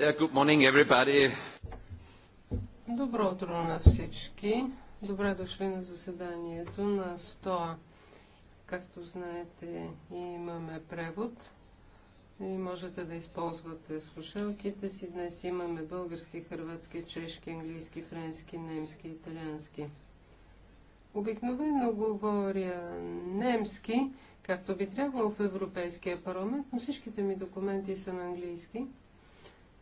good morning, everybody. Добро утро на всички. Добре дошли на заседанието на 100. Както знаете, имаме превод и можете да използвате слушалките си. Днес имаме български, хрватски, чешки, английски, френски, немски, италиански. Обикновено говоря немски, както би трябвало в Европейския парламент, но всичките ми документи са на английски –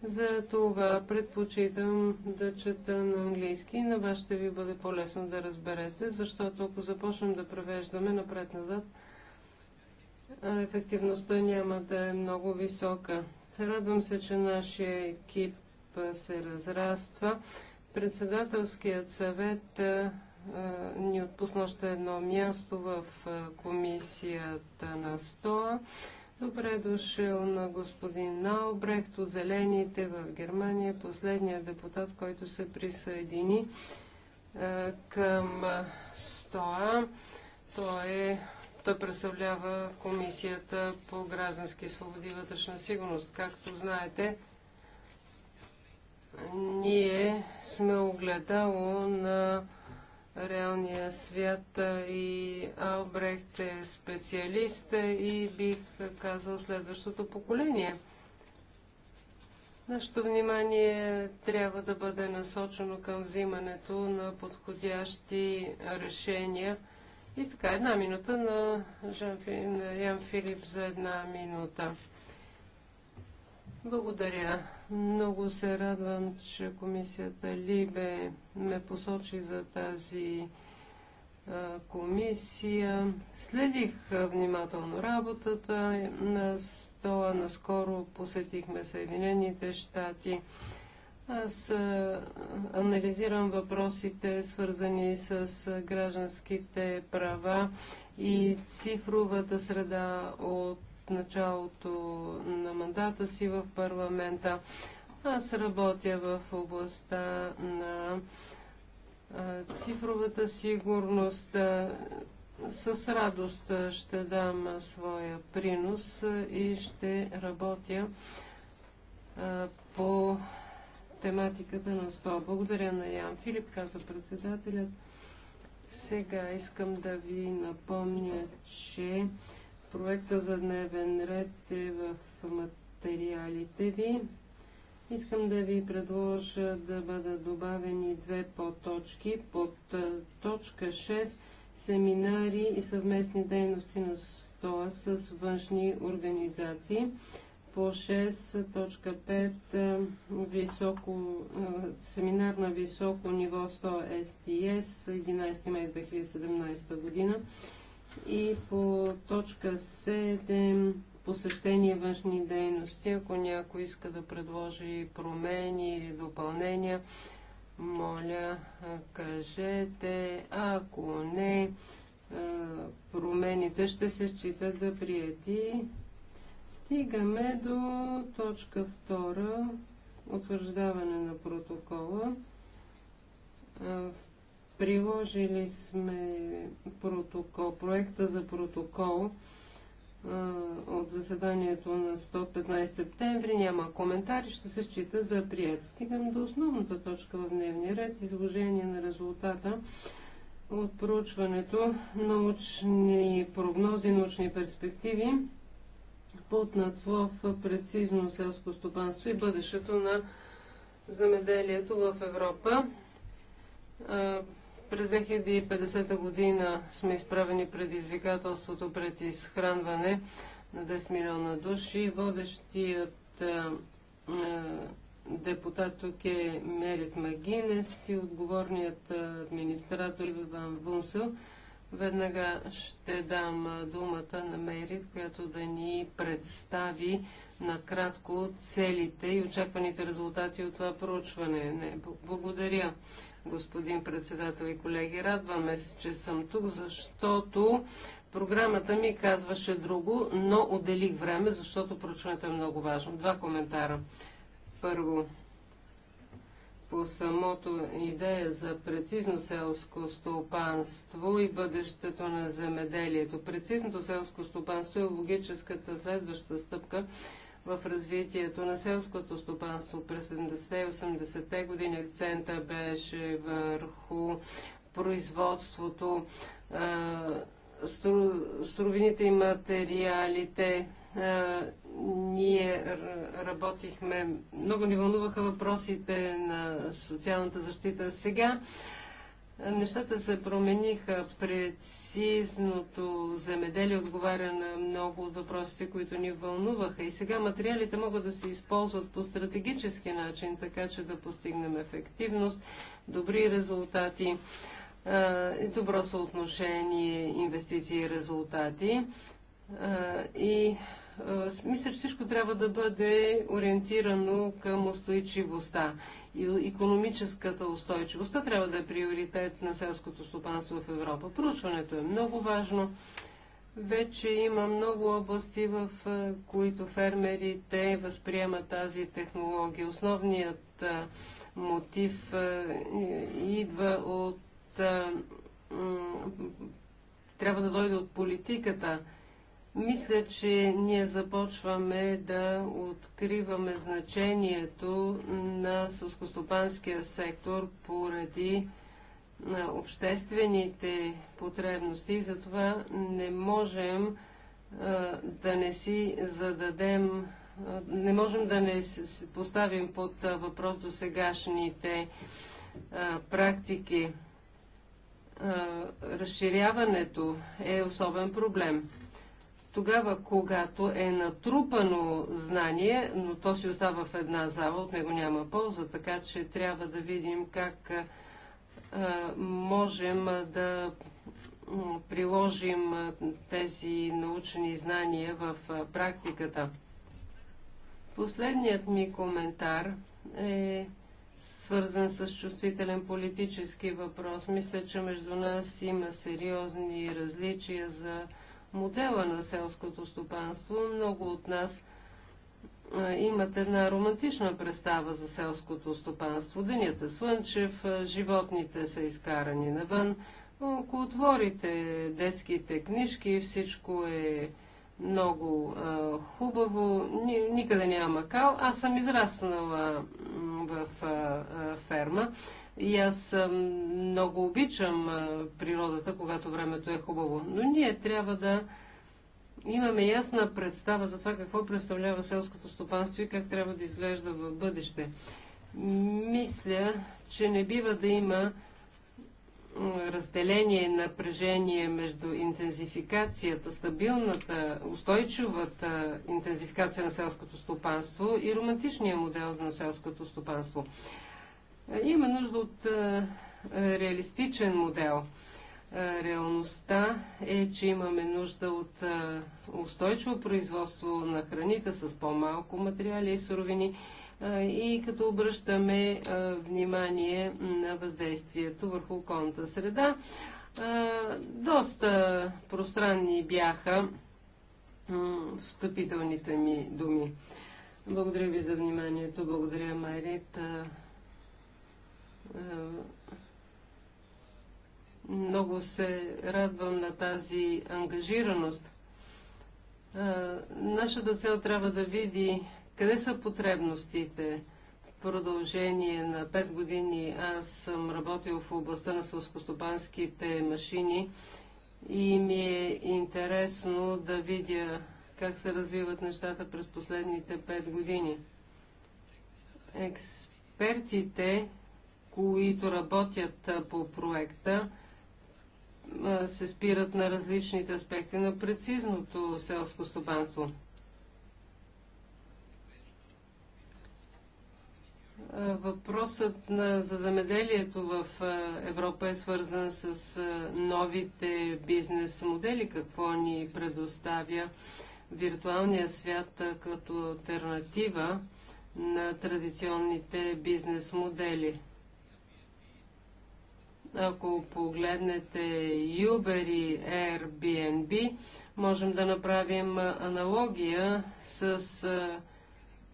за това предпочитам да чета на английски. На вас ще ви бъде по-лесно да разберете, защото ако започнем да превеждаме напред-назад, ефективността няма да е много висока. Радвам се, че нашия екип се разраства. Председателският съвет ни отпусна още едно място в комисията на СТОА. Добре дошъл на господин Наобрехт от Зелените в Германия, последният депутат, който се присъедини е, към СТОА. Той, е, той представлява Комисията по граждански свободи и вътрешна сигурност. Както знаете, ние сме огледало на реалния свят и Албрехт е специалист и бих казал следващото поколение. Нашето внимание трябва да бъде насочено към взимането на подходящи решения. И така, една минута на, Ян Филип за една минута. Благодаря. Много се радвам, че комисията Либе ме посочи за тази комисия. Следих внимателно работата на стола. Наскоро посетихме Съединените щати. Аз анализирам въпросите, свързани с гражданските права и цифровата среда от началото на мандата си в парламента. Аз работя в областта на цифровата сигурност. С радост ще дам своя принос и ще работя по тематиката на 100. Благодаря на Ян Филип, каза председателят. Сега искам да ви напомня, че Проекта за дневен ред е в материалите ви. Искам да ви предложа да бъдат добавени две подточки. Под точка 6 семинари и съвместни дейности на СТОА с външни организации. По 6.5 високо, семинар на високо ниво 100 STS 11 май 2017 година. И по точка 7 посещение външни дейности, ако някой иска да предложи промени или допълнения, моля, кажете, ако не, промените ще се считат за прияти. Стигаме до точка 2, утвърждаване на протокола. Приложили сме протокол, проекта за протокол от заседанието на 115 септември. Няма коментари, ще се счита за прият. Стигам до основната точка в дневния ред, изложение на резултата от проучването научни прогнози, научни перспективи под надслов прецизно селско стопанство и бъдещето на замеделието в Европа. През 2050 година сме изправени предизвикателството пред изхранване на 10 милиона души. Водещият а, е, а, е, депутат тук е Мерит Магинес и отговорният администратор Иван Бунсел. Веднага ще дам е, думата на Мерит, която да ни представи накратко целите и очакваните резултати от това проучване. Не, благодаря господин председател и колеги. Радваме се, че съм тук, защото програмата ми казваше друго, но отделих време, защото проучването е много важно. Два коментара. Първо, по самото идея за прецизно селско стопанство и бъдещето на земеделието. Прецизното селско стопанство е логическата следваща стъпка в развитието на селското стопанство. През 70 80-те години акцента беше върху производството, стру, суровините и материалите. Ние работихме, много ни вълнуваха въпросите на социалната защита. Сега Нещата се промениха. Прецизното земеделие отговаря на много от въпросите, които ни вълнуваха. И сега материалите могат да се използват по стратегически начин, така че да постигнем ефективност, добри резултати, добро съотношение инвестиции и резултати. И мисля, че всичко трябва да бъде ориентирано към устойчивостта. И економическата устойчивостта трябва да е приоритет на селското стопанство в Европа. Проучването е много важно. Вече има много области, в които фермерите възприемат тази технология. Основният мотив идва от. Трябва да дойде от политиката мисля, че ние започваме да откриваме значението на сълскостопанския сектор поради на обществените потребности затова не можем а, да не си зададем, а, не можем да не поставим под а, въпрос до сегашните практики. Разширяването е особен проблем тогава, когато е натрупано знание, но то си остава в една зала, от него няма полза, така че трябва да видим как можем да приложим тези научни знания в практиката. Последният ми коментар е свързан с чувствителен политически въпрос. Мисля, че между нас има сериозни различия за модела на селското стопанство. Много от нас имат една романтична представа за селското стопанство. Денят е слънчев, животните са изкарани навън. Ако отворите детските книжки, всичко е много а, хубаво, Ни, никъде няма кал. Аз съм израснала в а, а, ферма. И аз много обичам природата, когато времето е хубаво. Но ние трябва да имаме ясна представа за това какво представлява селското стопанство и как трябва да изглежда в бъдеще. Мисля, че не бива да има разделение и напрежение между интензификацията, стабилната, устойчивата интензификация на селското стопанство и романтичния модел на селското стопанство. Нали, имаме нужда от реалистичен модел. Реалността е, че имаме нужда от устойчиво производство на храните с по-малко материали и суровини и като обръщаме внимание на въздействието върху околната среда. Доста пространни бяха встъпителните ми думи. Благодаря ви за вниманието. Благодаря, Майрит. Много се радвам на тази ангажираност. Е, нашата цел трябва да види къде са потребностите. В продължение на 5 години аз съм работил в областта на сълскостопанските машини и ми е интересно да видя как се развиват нещата през последните 5 години. Експертите които работят по проекта, се спират на различните аспекти на прецизното селско стопанство. Въпросът на, за замеделието в Европа е свързан с новите бизнес модели, какво ни предоставя виртуалния свят като альтернатива на традиционните бизнес модели. Ако погледнете Uber и Airbnb, можем да направим аналогия с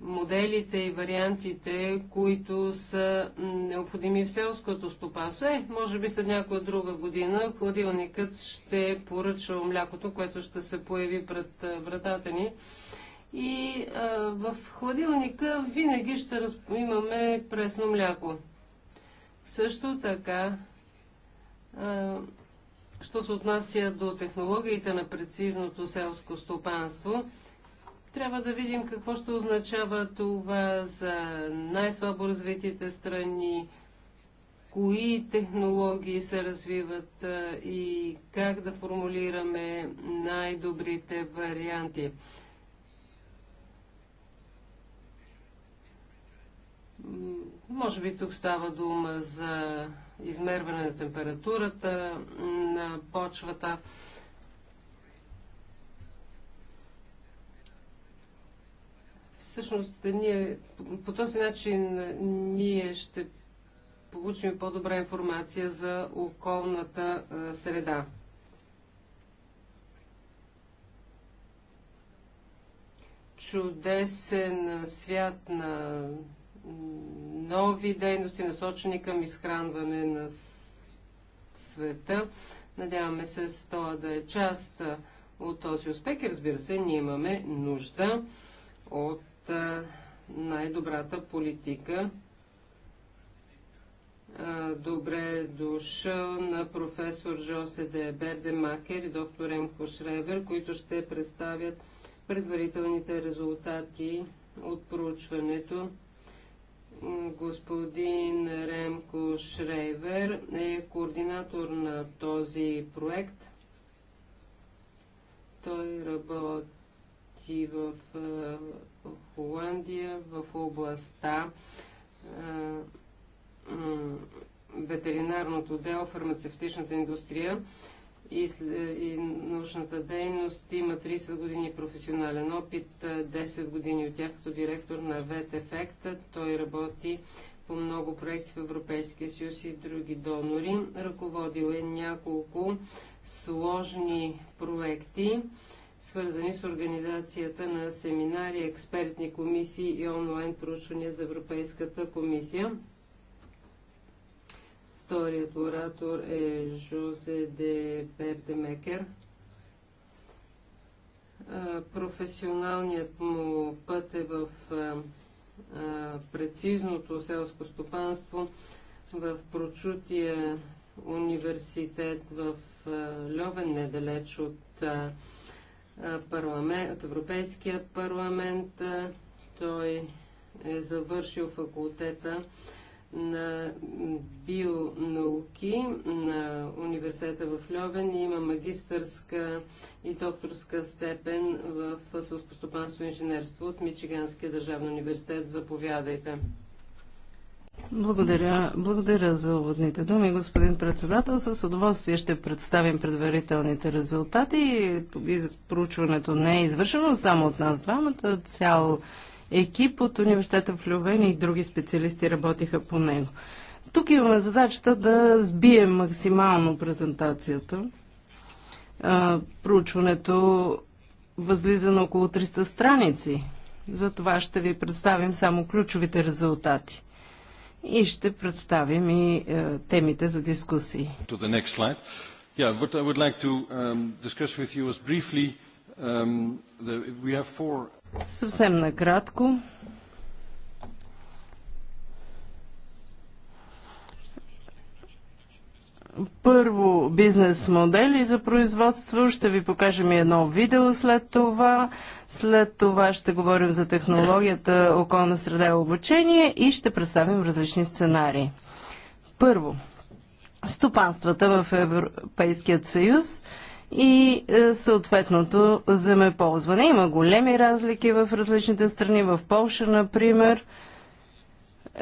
моделите и вариантите, които са необходими в селското стопанство. Е, може би след някоя друга година хладилникът ще поръча млякото, което ще се появи пред вратата ни. И а, в хладилника винаги ще разп... имаме пресно мляко. Също така Що се отнася до технологиите на прецизното селско стопанство, трябва да видим какво ще означава това за най-слабо развитите страни, кои технологии се развиват и как да формулираме най-добрите варианти. Може би тук става дума за измерване на температурата на почвата. Всъщност, ние, по този начин ние ще получим по-добра информация за околната среда. Чудесен свят на нови дейности, насочени към изхранване на света. Надяваме се с това да е част от този успех и разбира се, ние имаме нужда от най-добрата политика. Добре дошъл на професор Жосе Де Макер и доктор Емко Шревер, които ще представят предварителните резултати от проучването господин Ремко Шрейвер е координатор на този проект. Той работи в Холандия в областта ветеринарното дело, фармацевтичната индустрия и, и научната дейност. Има 30 години професионален опит, 10 години от тях като директор на ВЕТ-ефект. Той работи по много проекти в Европейския съюз и други донори. Ръководил е няколко сложни проекти, свързани с организацията на семинари, експертни комисии и онлайн проучвания за Европейската комисия. Вторият оратор е Жозе де Бердемекер. Професионалният му път е в прецизното селско стопанство в прочутия университет в Льовен, недалеч от парламент, от Европейския парламент. Той е завършил факултета на бионауки на университета в Льовен и има магистърска и докторска степен в сълскостопанство и инженерство от Мичиганския държавен университет. Заповядайте. Благодаря. Благодаря за уводните думи, господин председател. С удоволствие ще представим предварителните резултати. Проучването не е извършено само от нас двамата. Цял екип от университета в Лювен и други специалисти работиха по него. Тук имаме задачата да сбием максимално презентацията. проучването възлиза на около 300 страници. За това ще ви представим само ключовите резултати. И ще представим и е, темите за дискусии. Yeah, what I would like to um, discuss with you is briefly, um, the, we have four Съвсем накратко. първо бизнес модели за производство. Ще ви покажем и едно видео след това. След това ще говорим за технологията околна среда и обучение и ще представим различни сценарии. Първо, стопанствата в Европейският съюз – и е, съответното земеползване. Има големи разлики в различните страни. В Польша, например,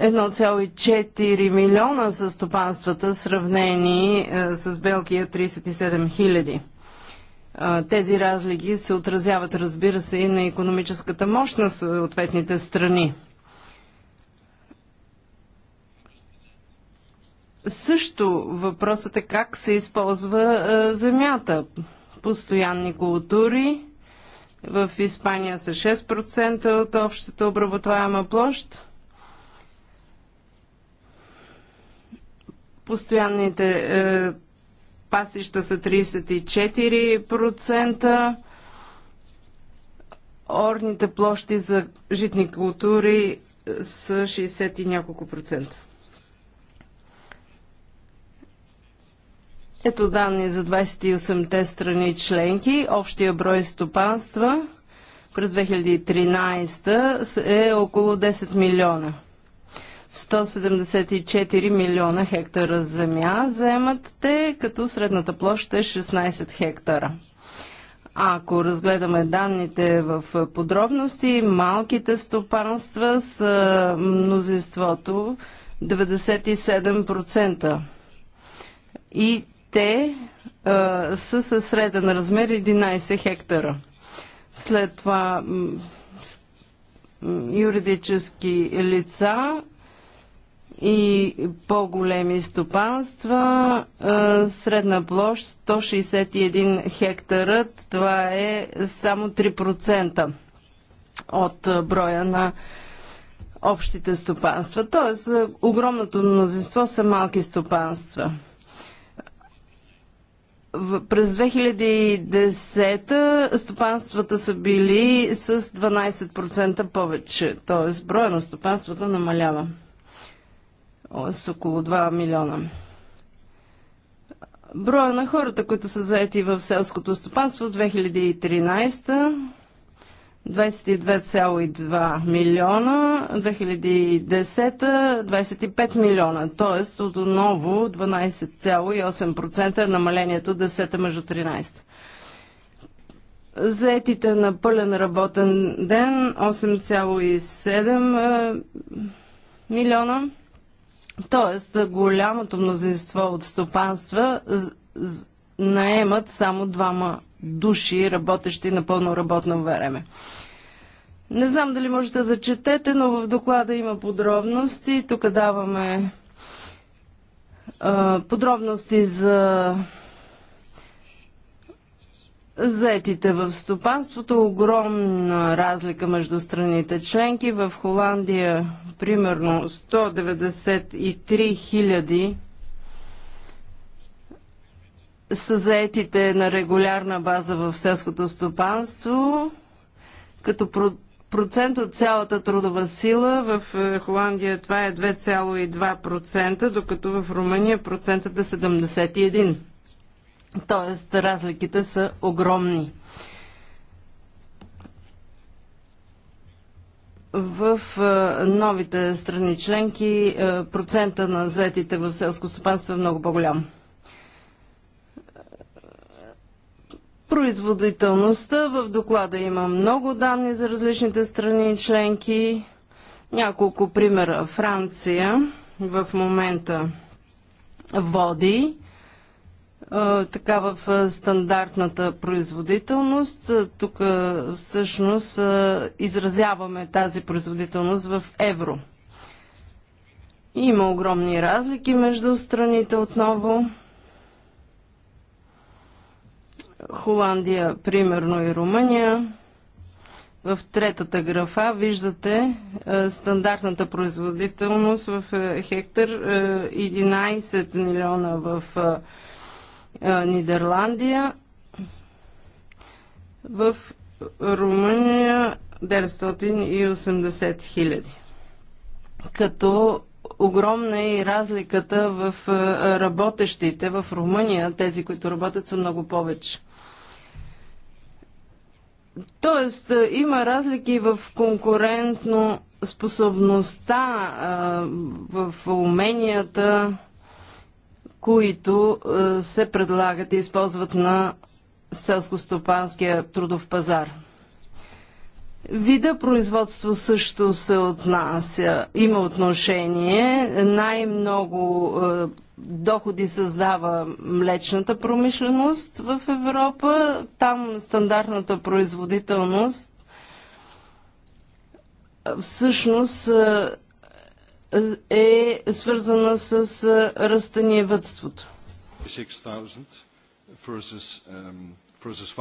1,4 милиона са стопанствата, сравнени е, с Белгия 37 хиляди. Е, тези разлики се отразяват, разбира се, и на економическата мощ на съответните страни. Също въпросът е как се използва е, земята. Постоянни култури. В Испания са 6% от общата обработваема площ. Постоянните е, пасища са 34%. Орните площи за житни култури е, са 60 и няколко процента. Ето данни за 28-те страни членки. Общия брой стопанства през 2013 е около 10 милиона. 174 милиона хектара земя заемат те, като средната площ е 16 хектара. Ако разгледаме данните в подробности, малките стопанства са мнозинството 97%. И те а, са със среден размер 11 хектара. След това юридически лица и по-големи стопанства. Средна площ 161 хектара. Това е само 3% от броя на общите стопанства. Тоест, огромното мнозинство са малки стопанства. През 2010 стопанствата са били с 12% повече, т.е. броя на стопанствата намалява с около 2 милиона. Броя на хората, които са заети в селското стопанство 2013 22,2 милиона, 2010 25 милиона, т.е. отново 12,8% е намалението 10 между 13. Заетите на пълен работен ден 8,7 е, милиона, т.е. голямото мнозинство от стопанства наемат само двама души, работещи на пълно работно време. Не знам дали можете да четете, но в доклада има подробности. Тук даваме а, подробности за заетите в стопанството. Огромна разлика между страните членки. В Холандия примерно 193 хиляди 000 са заетите на регулярна база в селското стопанство, като процент от цялата трудова сила в е, Холандия това е 2,2%, докато в Румъния процентът е 71%. Тоест разликите са огромни. в е, новите страни членки е, процента на заетите в селско стопанство е много по-голям. Производителността. В доклада има много данни за различните страни и членки. Няколко примера. Франция в момента води така в стандартната производителност. Тук всъщност изразяваме тази производителност в евро. Има огромни разлики между страните отново. Холандия, примерно и Румъния. В третата графа виждате е, стандартната производителност в е, хектар е, 11 милиона в е, е, Нидерландия, в Румъния 980 хиляди. Като огромна е и разликата в е, работещите в Румъния, тези, които работят са много повече. Тоест, е, има разлики в конкурентно способността, е, в уменията, които е, се предлагат и използват на селско-стопанския трудов пазар. Вида производство също се отнася, има отношение. Най-много е, доходи създава млечната промишленост в Европа. Там стандартната производителност всъщност е, е свързана с е, растениевътството. 6000 versus, um, versus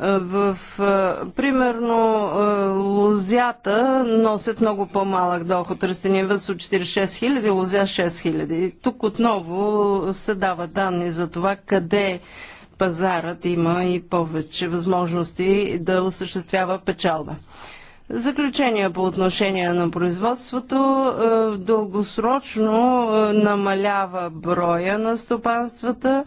е, в, е, примерно, е, Лузята носят много по-малък доход. въз от 46 хиляди, Лузя, 6 хиляди. Тук отново се дават данни за това къде пазарът има и повече възможности да осъществява печалба. Заключение по отношение на производството е, дългосрочно е, намалява броя на стопанствата,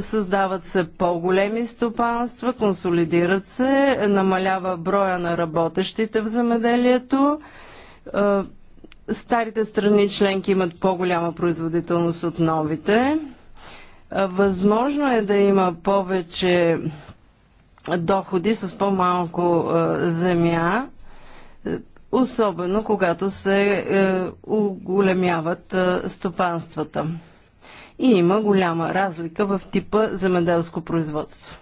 създават се по-големи стопанства, консолидират се, намалява броя на работещите в земеделието. Е, старите страни членки имат по-голяма производителност от новите. Възможно е да има повече доходи с по-малко земя, особено когато се е, оголемяват е, стопанствата. И има голяма разлика в типа земеделско производство.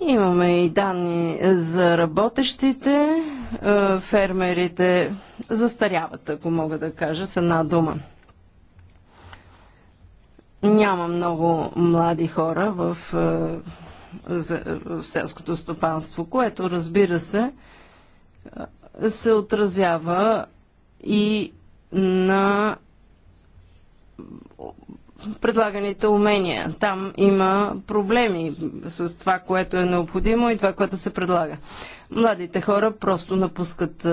Имаме и данни за работещите. Е, фермерите застаряват, ако мога да кажа с една дума. Няма много млади хора в, е, в селското стопанство, което разбира се, е, се отразява и на предлаганите умения. Там има проблеми с това, което е необходимо и това, което се предлага. Младите хора просто напускат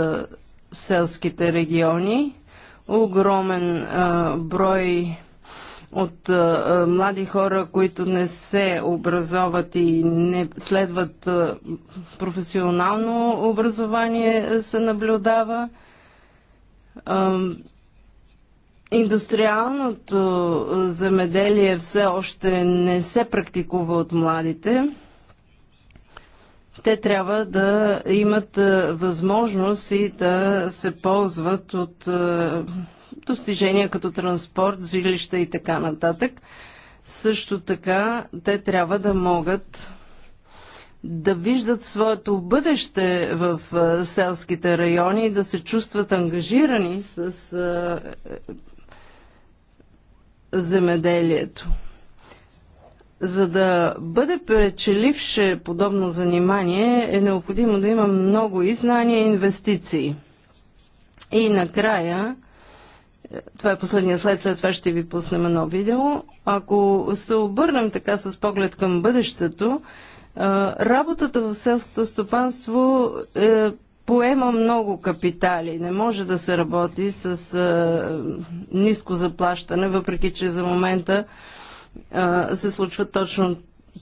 селските региони. Огромен брой от а, млади хора, които не се образоват и не следват а, професионално образование, се наблюдава. А, индустриалното земеделие все още не се практикува от младите те трябва да имат възможност и да се ползват от достижения като транспорт, жилища и така нататък. Също така те трябва да могат да виждат своето бъдеще в селските райони и да се чувстват ангажирани с е, земеделието. За да бъде пречеливше подобно занимание, е необходимо да има много и знания и инвестиции. И накрая, това е последния след, след това ще ви пуснем едно видео. Ако се обърнем така с поглед към бъдещето, работата в селското стопанство е, поема много капитали. Не може да се работи с е, ниско заплащане, въпреки че за момента е, се случва точно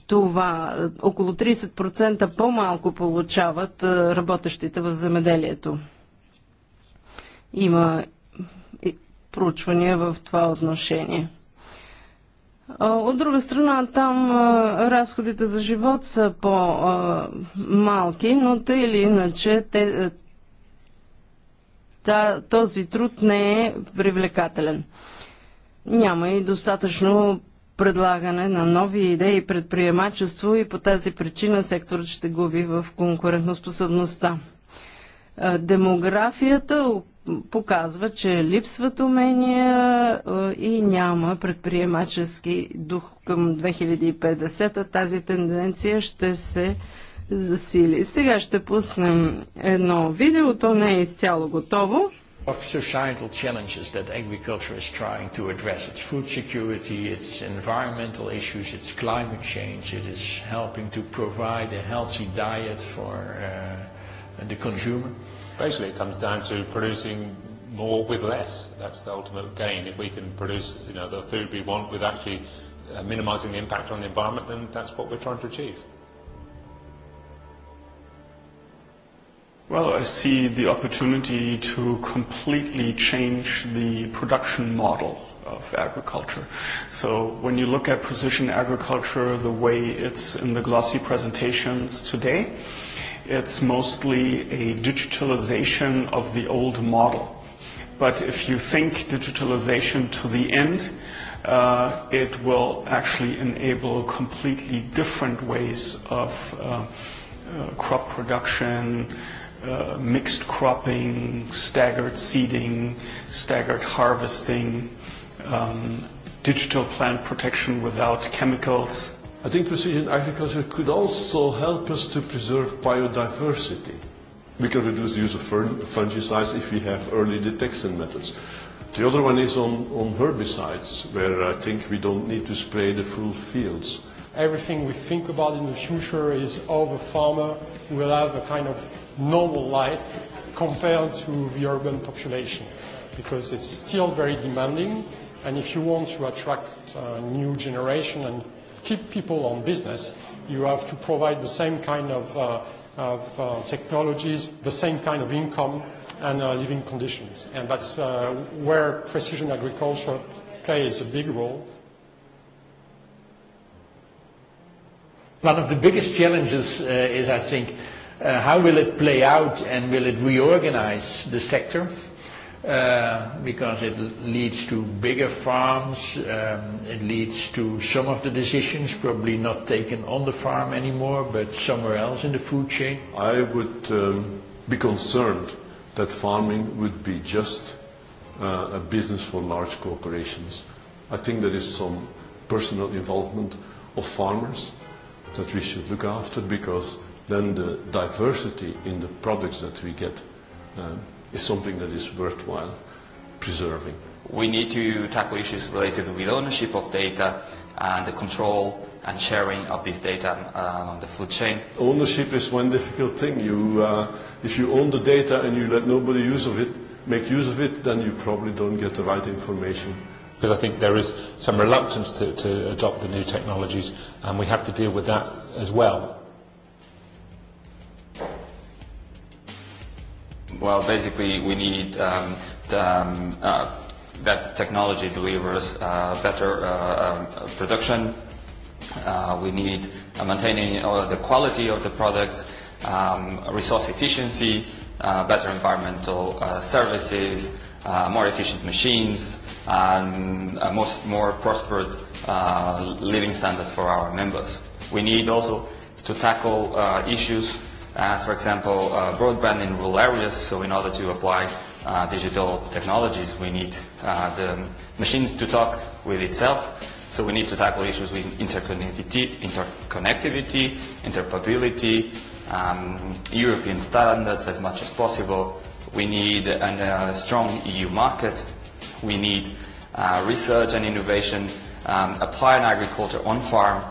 това. Около 30% по-малко получават работещите в земеделието. Има проучвания в това отношение. От друга страна, там разходите за живот са по-малки, но тъй или иначе те, този труд не е привлекателен. Няма и достатъчно предлагане на нови идеи и предприемачество и по тази причина секторът ще губи в конкурентоспособността. Демографията показва, че липсват умения и няма предприемачески дух към 2050. Тази тенденция ще се засили. Сега ще пуснем едно видео, то не е изцяло готово. Of societal challenges that agriculture is trying to address. It's food security, it's environmental issues, it's climate change, it is helping to provide a healthy diet for uh, and the consumer? Basically, it comes down to producing more with less. That's the ultimate gain. If we can produce you know, the food we want with actually uh, minimizing the impact on the environment, then that's what we're trying to achieve. Well, I see the opportunity to completely change the production model of agriculture. So when you look at precision agriculture, the way it's in the glossy presentations today, it's mostly a digitalization of the old model. But if you think digitalization to the end, uh, it will actually enable completely different ways of uh, uh, crop production, uh, mixed cropping, staggered seeding, staggered harvesting, um, digital plant protection without chemicals, I think precision agriculture could also help us to preserve biodiversity. We can reduce the use of fungicides if we have early detection methods. The other one is on, on herbicides, where I think we don't need to spray the full fields. Everything we think about in the future is how the farmer will have a kind of normal life compared to the urban population, because it's still very demanding. And if you want to attract a new generation and keep people on business, you have to provide the same kind of, uh, of uh, technologies, the same kind of income and uh, living conditions. And that's uh, where precision agriculture plays a big role. One of the biggest challenges uh, is, I think, uh, how will it play out and will it reorganize the sector? uh, because it leads to bigger farms, um, it leads to some of the decisions probably not taken on the farm anymore, but somewhere else in the food chain? I would um, be concerned that farming would be just uh, a business for large corporations. I think there is some personal involvement of farmers that we should look after because then the diversity in the products that we get uh, is something that is worthwhile preserving. We need to tackle issues related with ownership of data and the control and sharing of this data on the food chain. Ownership is one difficult thing. You, uh, if you own the data and you let nobody use of it, make use of it, then you probably don't get the right information. Because I think there is some reluctance to, to adopt the new technologies, and we have to deal with that as well. Well, basically, we need um, the, um, uh, that technology delivers uh, better uh, production. Uh, we need uh, maintaining uh, the quality of the products, um, resource efficiency, uh, better environmental uh, services, uh, more efficient machines, and uh, most, more prosperous uh, living standards for our members. We need also to tackle uh, issues as, for example, uh, broadband in rural areas. So in order to apply uh, digital technologies, we need uh, the machines to talk with itself. So we need to tackle issues with interconnectivity, interconnectivity interoperability, um, European standards as much as possible. We need an, a strong EU market. We need uh, research and innovation um, applied agriculture on farm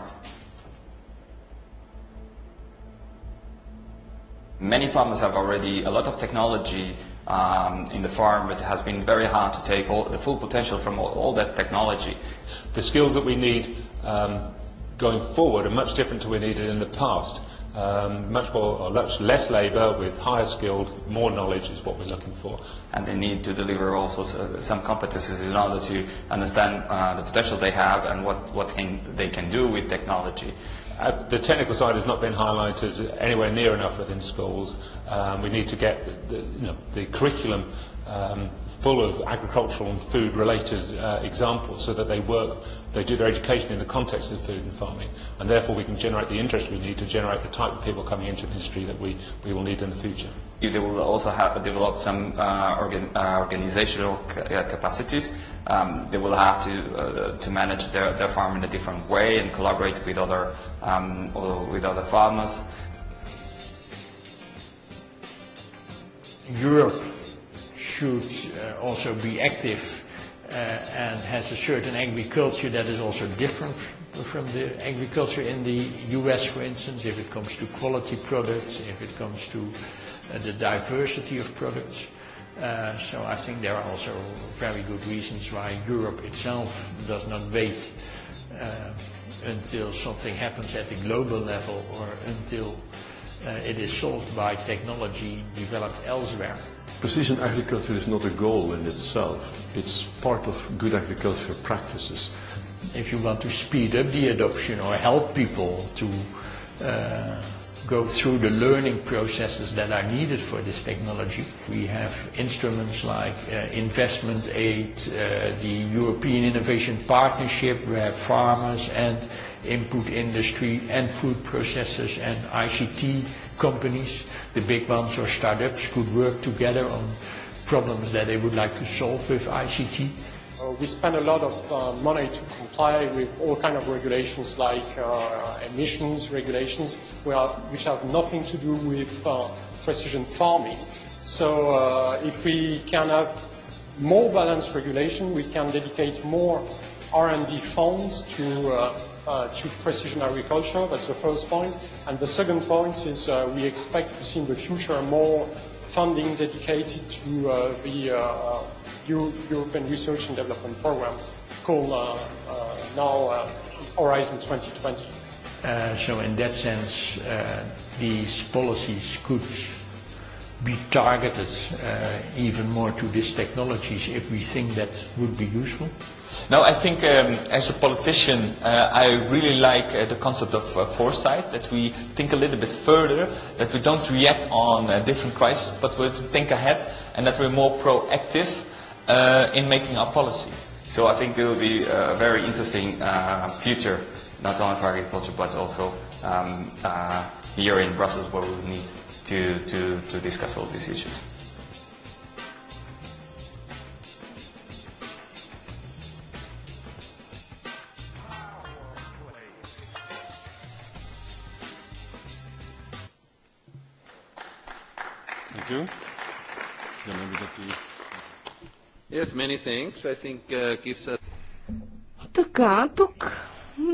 Many farmers have already a lot of technology um, in the farm, but it has been very hard to take all the full potential from all, all that technology. The skills that we need um, going forward are much different to what we needed in the past. Um, much more or much less labour with higher skilled, more knowledge is what we're looking for. And they need to deliver also some competences in order to understand uh, the potential they have and what, what can, they can do with technology uh, the technical side has not been highlighted anywhere near enough within schools. Um, we need to get the, the, you know, the curriculum um, full of agricultural and food related uh, examples so that they work, they do their education in the context of food and farming. And therefore we can generate the interest we need to generate the type of people coming into the industry that we, we will need in the future. They will also have develop some uh, organ, uh, organizational ca- capacities. Um, they will have to uh, to manage their, their farm in a different way and collaborate with other um, or with other farmers. Europe should uh, also be active uh, and has a certain agriculture that is also different from the agriculture in the US, for instance, if it comes to quality products, if it comes to uh, the diversity of products. Uh, so I think there are also very good reasons why Europe itself does not wait uh, until something happens at the global level or until it is solved by technology developed elsewhere. Precision agriculture is not a goal in itself. It's part of good agricultural practices. If you want to speed up the adoption or help people to uh, go through the learning processes that are needed for this technology. We have instruments like uh, investment aid, uh, the European Innovation Partnership, where farmers and input industry and food processors and ICT companies, the big ones or startups, could work together on problems that they would like to solve with ICT. We spend a lot of uh, money to comply with all kind of regulations like uh, emissions regulations, which have nothing to do with uh, precision farming. So uh, if we can have more balanced regulation, we can dedicate more R&D funds to uh, uh, to precision agriculture. That's the first point. And the second point is uh, we expect to see in the future more funding dedicated to uh, the uh, Euro European Research and Development Program called uh, uh, now uh, Horizon 2020. Uh, so in that sense, uh, these policies could be targeted uh, even more to these technologies if we think that would be useful? No, I think um, as a politician, uh, I really like uh, the concept of uh, foresight, that we think a little bit further, that we don't react on uh, different crises, but we think ahead, and that we're more proactive uh, in making our policy. So I think it will be a very interesting uh, future, not only for agriculture, but also um, uh, here in Brussels, where we will need to, to, to discuss all these issues. Thank you. Yes, many thanks. I think, uh, gives Така, тук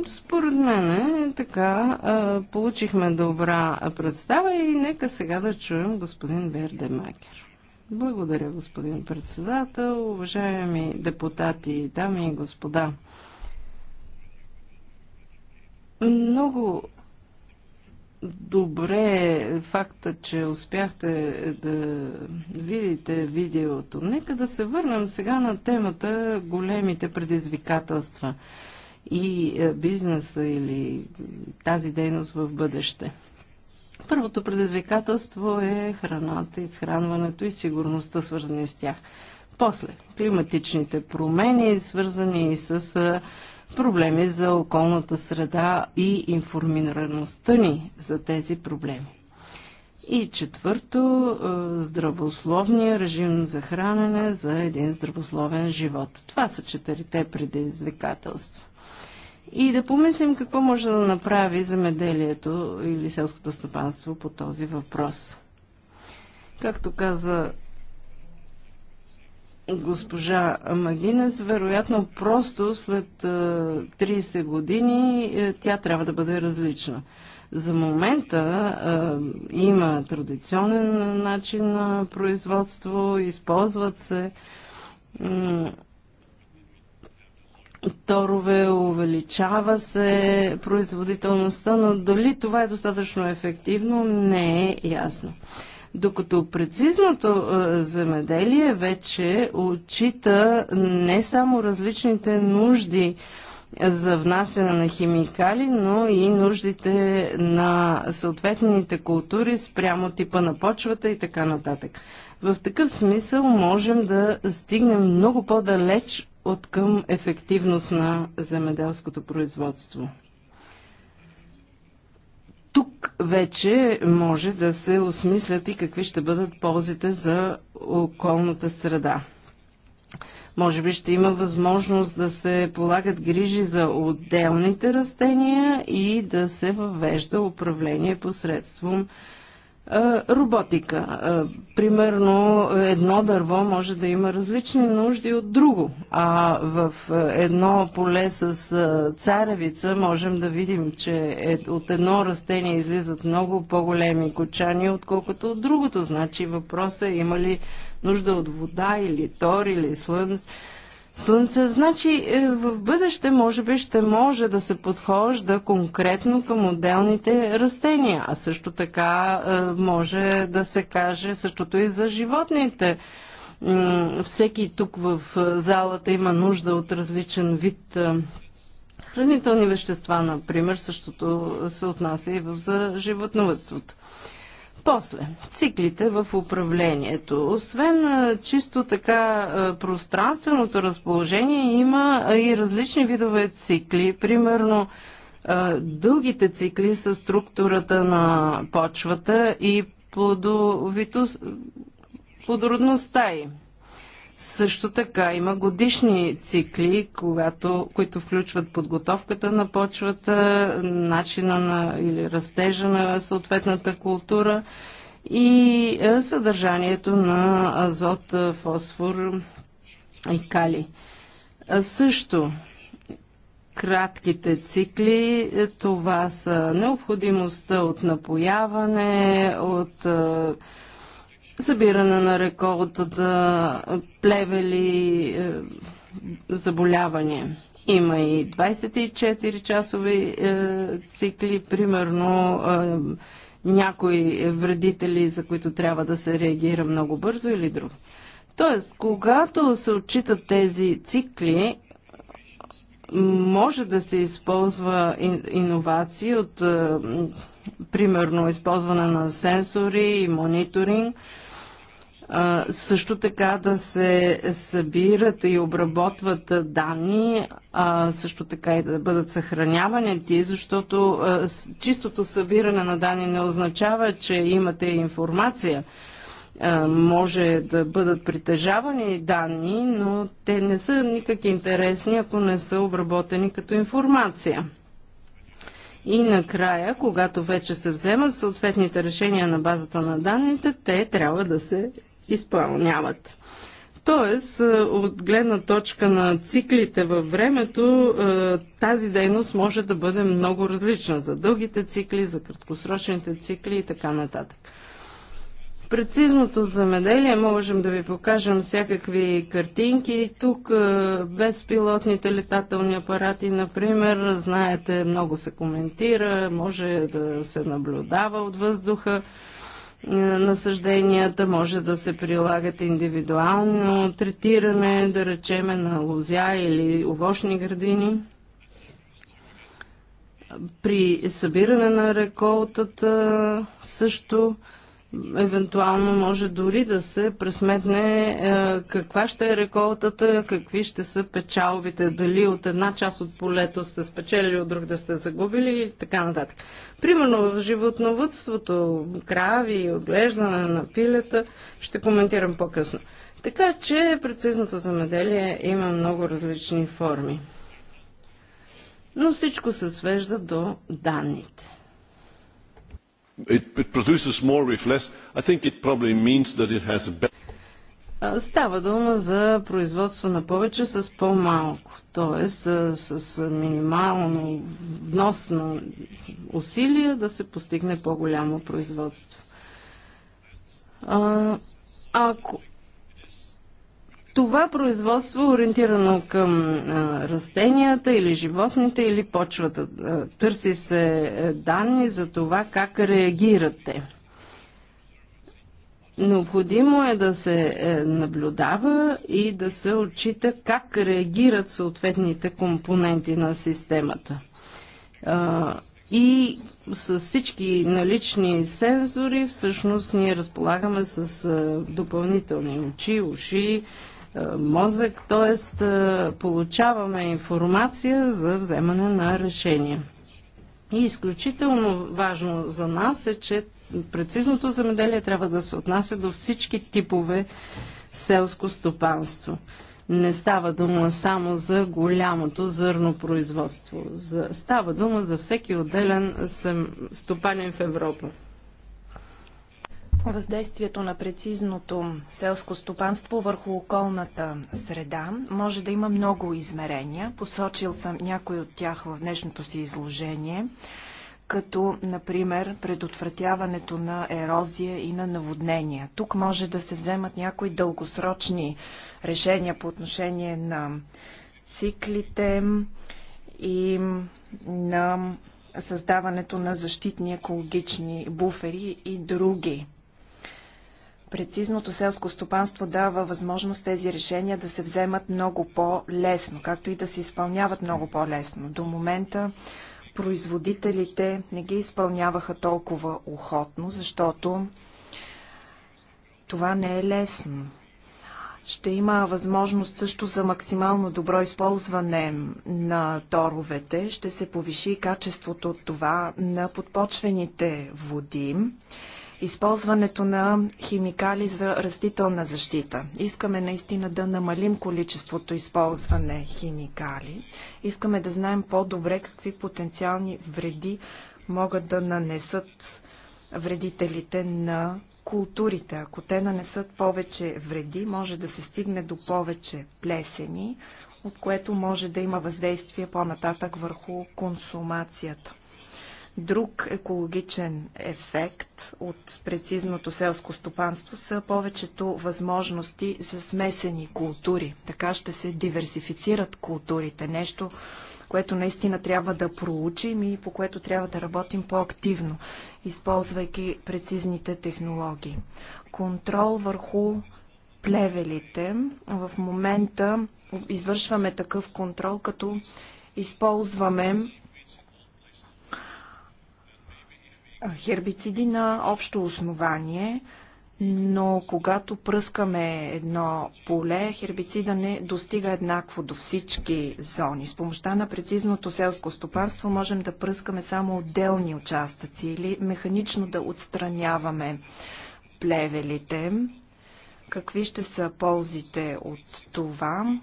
според мен е така а, получихме добра представа и нека сега да чуем господин Верде Макер. Благодаря, господин председател, уважаеми депутати, дами и господа. Много добре е факта, че успяхте да видите видеото. Нека да се върнем сега на темата големите предизвикателства и е, бизнеса или тази дейност в бъдеще. Първото предизвикателство е храната, изхранването и сигурността, свързани с тях. После, климатичните промени, свързани и с е, проблеми за околната среда и информираността ни за тези проблеми. И четвърто, е, здравословния режим за хранене за един здравословен живот. Това са четирите предизвикателства. И да помислим какво може да направи земеделието или селското стопанство по този въпрос. Както каза госпожа Магинес, вероятно просто след 30 години е, тя трябва да бъде различна. За момента има традиционен начин на производство, използват се торове, увеличава се производителността, но дали това е достатъчно ефективно, не е ясно. Докато прецизното е, земеделие вече отчита не само различните нужди за внасяне на химикали, но и нуждите на съответните култури спрямо типа на почвата и така нататък. В такъв смисъл можем да стигнем много по-далеч от към ефективност на земеделското производство тук вече може да се осмислят и какви ще бъдат ползите за околната среда. Може би ще има възможност да се полагат грижи за отделните растения и да се въвежда управление посредством роботика. Примерно едно дърво може да има различни нужди от друго, а в едно поле с царевица можем да видим, че е, от едно растение излизат много по-големи кочани, отколкото от другото. Значи въпросът е има ли нужда от вода или тор или слънце слънце. Значи е, в бъдеще може би ще може да се подхожда конкретно към отделните растения, а също така е, може да се каже същото и за животните. Всеки тук в е, залата има нужда от различен вид хранителни вещества, например, същото се отнася и за животновътството. После, циклите в управлението. Освен чисто така пространственото разположение, има и различни видове цикли. Примерно, дългите цикли са структурата на почвата и плодовито, плодородността й. Също така има годишни цикли, когато, които включват подготовката на почвата, начина на или растежа на съответната култура и е, съдържанието на азот, е, фосфор и кали. Също кратките цикли, е, това са необходимостта от напояване, от събиране на реколтата, плевели, е, заболявания. Има и 24-часови е, цикли, примерно е, някои вредители, за които трябва да се реагира много бързо или друго. Тоест, когато се отчитат тези цикли, може да се използва иновации от примерно използване на сенсори и мониторинг – също така да се събират и обработват данни, а също така и да бъдат съхранявани ти, защото а, чистото събиране на данни не означава, че имате информация. А, може да бъдат притежавани данни, но те не са никак интересни, ако не са обработени като информация. И накрая, когато вече се вземат съответните решения на базата на данните, те трябва да се изпълняват. Тоест, е, от гледна точка на циклите във времето, е, тази дейност може да бъде много различна за дългите цикли, за краткосрочните цикли и така нататък. Прецизното замеделие можем да ви покажем всякакви картинки. Тук е, безпилотните летателни апарати, например, знаете, много се коментира, може да се наблюдава от въздуха. Е, насъжденията, може да се прилагат индивидуално третиране, да речеме на лузя или овощни градини. При събиране на реколтата също евентуално може дори да се пресметне е, каква ще е реколтата, какви ще са печалбите, дали от една част от полето сте спечелили, от друг да сте загубили и така нататък. Примерно в животновътството, крави, отглеждане на пилета, ще коментирам по-късно. Така че прецизното замеделие има много различни форми. Но всичко се свежда до данните. It produces more with less. I think it probably means that it has a better Става дума за производство на повече с по-малко, т.е. с минимално внос на усилия да се постигне по-голямо производство. ако, това производство, ориентирано към растенията или животните или почвата. Търси се е, данни за това как реагират те. Необходимо е да се е, наблюдава и да се отчита как реагират съответните компоненти на системата. И с всички налични сензори всъщност ние разполагаме с е, допълнителни очи, уши, е, мозък, т.е. получаваме информация за вземане на решения. И изключително важно за нас е, че прецизното замеделие трябва да се отнася до всички типове селско стопанство. Не става дума само за голямото зърнопроизводство. За... Става дума за всеки отделен съм стопанин в Европа. Въздействието на прецизното селско стопанство върху околната среда може да има много измерения. Посочил съм някои от тях в днешното си изложение, като, например, предотвратяването на ерозия и на наводнения. Тук може да се вземат някои дългосрочни решения по отношение на циклите и на създаването на защитни екологични буфери и други Прецизното селско стопанство дава възможност тези решения да се вземат много по-лесно, както и да се изпълняват много по-лесно. До момента производителите не ги изпълняваха толкова охотно, защото това не е лесно. Ще има възможност също за максимално добро използване на торовете. Ще се повиши качеството от това на подпочвените води използването на химикали за растителна защита. Искаме наистина да намалим количеството използване химикали. Искаме да знаем по-добре какви потенциални вреди могат да нанесат вредителите на културите. Ако те нанесат повече вреди, може да се стигне до повече плесени, от което може да има въздействие по-нататък върху консумацията. Друг екологичен ефект от прецизното селско стопанство са повечето възможности за смесени култури. Така ще се диверсифицират културите. Нещо, което наистина трябва да проучим и по което трябва да работим по-активно, използвайки прецизните технологии. Контрол върху плевелите. В момента извършваме такъв контрол, като използваме хербициди на общо основание, но когато пръскаме едно поле, хербицида не достига еднакво до всички зони. С помощта на прецизното селско стопанство можем да пръскаме само отделни участъци или механично да отстраняваме плевелите. Какви ще са ползите от това?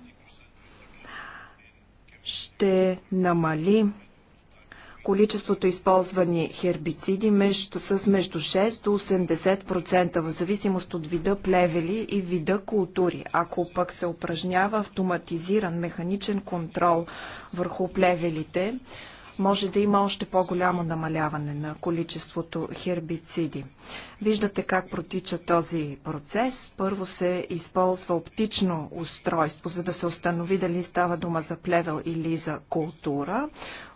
Ще намали количеството използвани хербициди между, с между 6 до 80% в зависимост от вида плевели и вида култури. Ако пък се упражнява автоматизиран механичен контрол върху плевелите, може да има още по-голямо намаляване на количеството хербициди. Виждате как протича този процес. Първо се използва оптично устройство, за да се установи дали става дума за плевел или за култура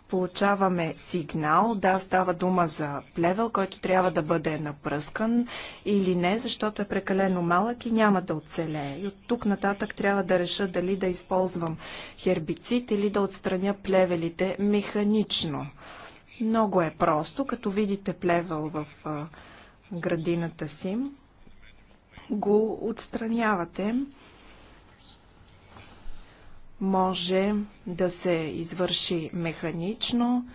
получаваме сигнал, да, става дума за плевел, който трябва да бъде напръскан или не, защото е прекалено малък и няма да оцелее. И от тук нататък трябва да реша дали да използвам хербицид или да отстраня плевелите механично. Много е просто, като видите плевел в градината си, го отстранявате може да се извърши механично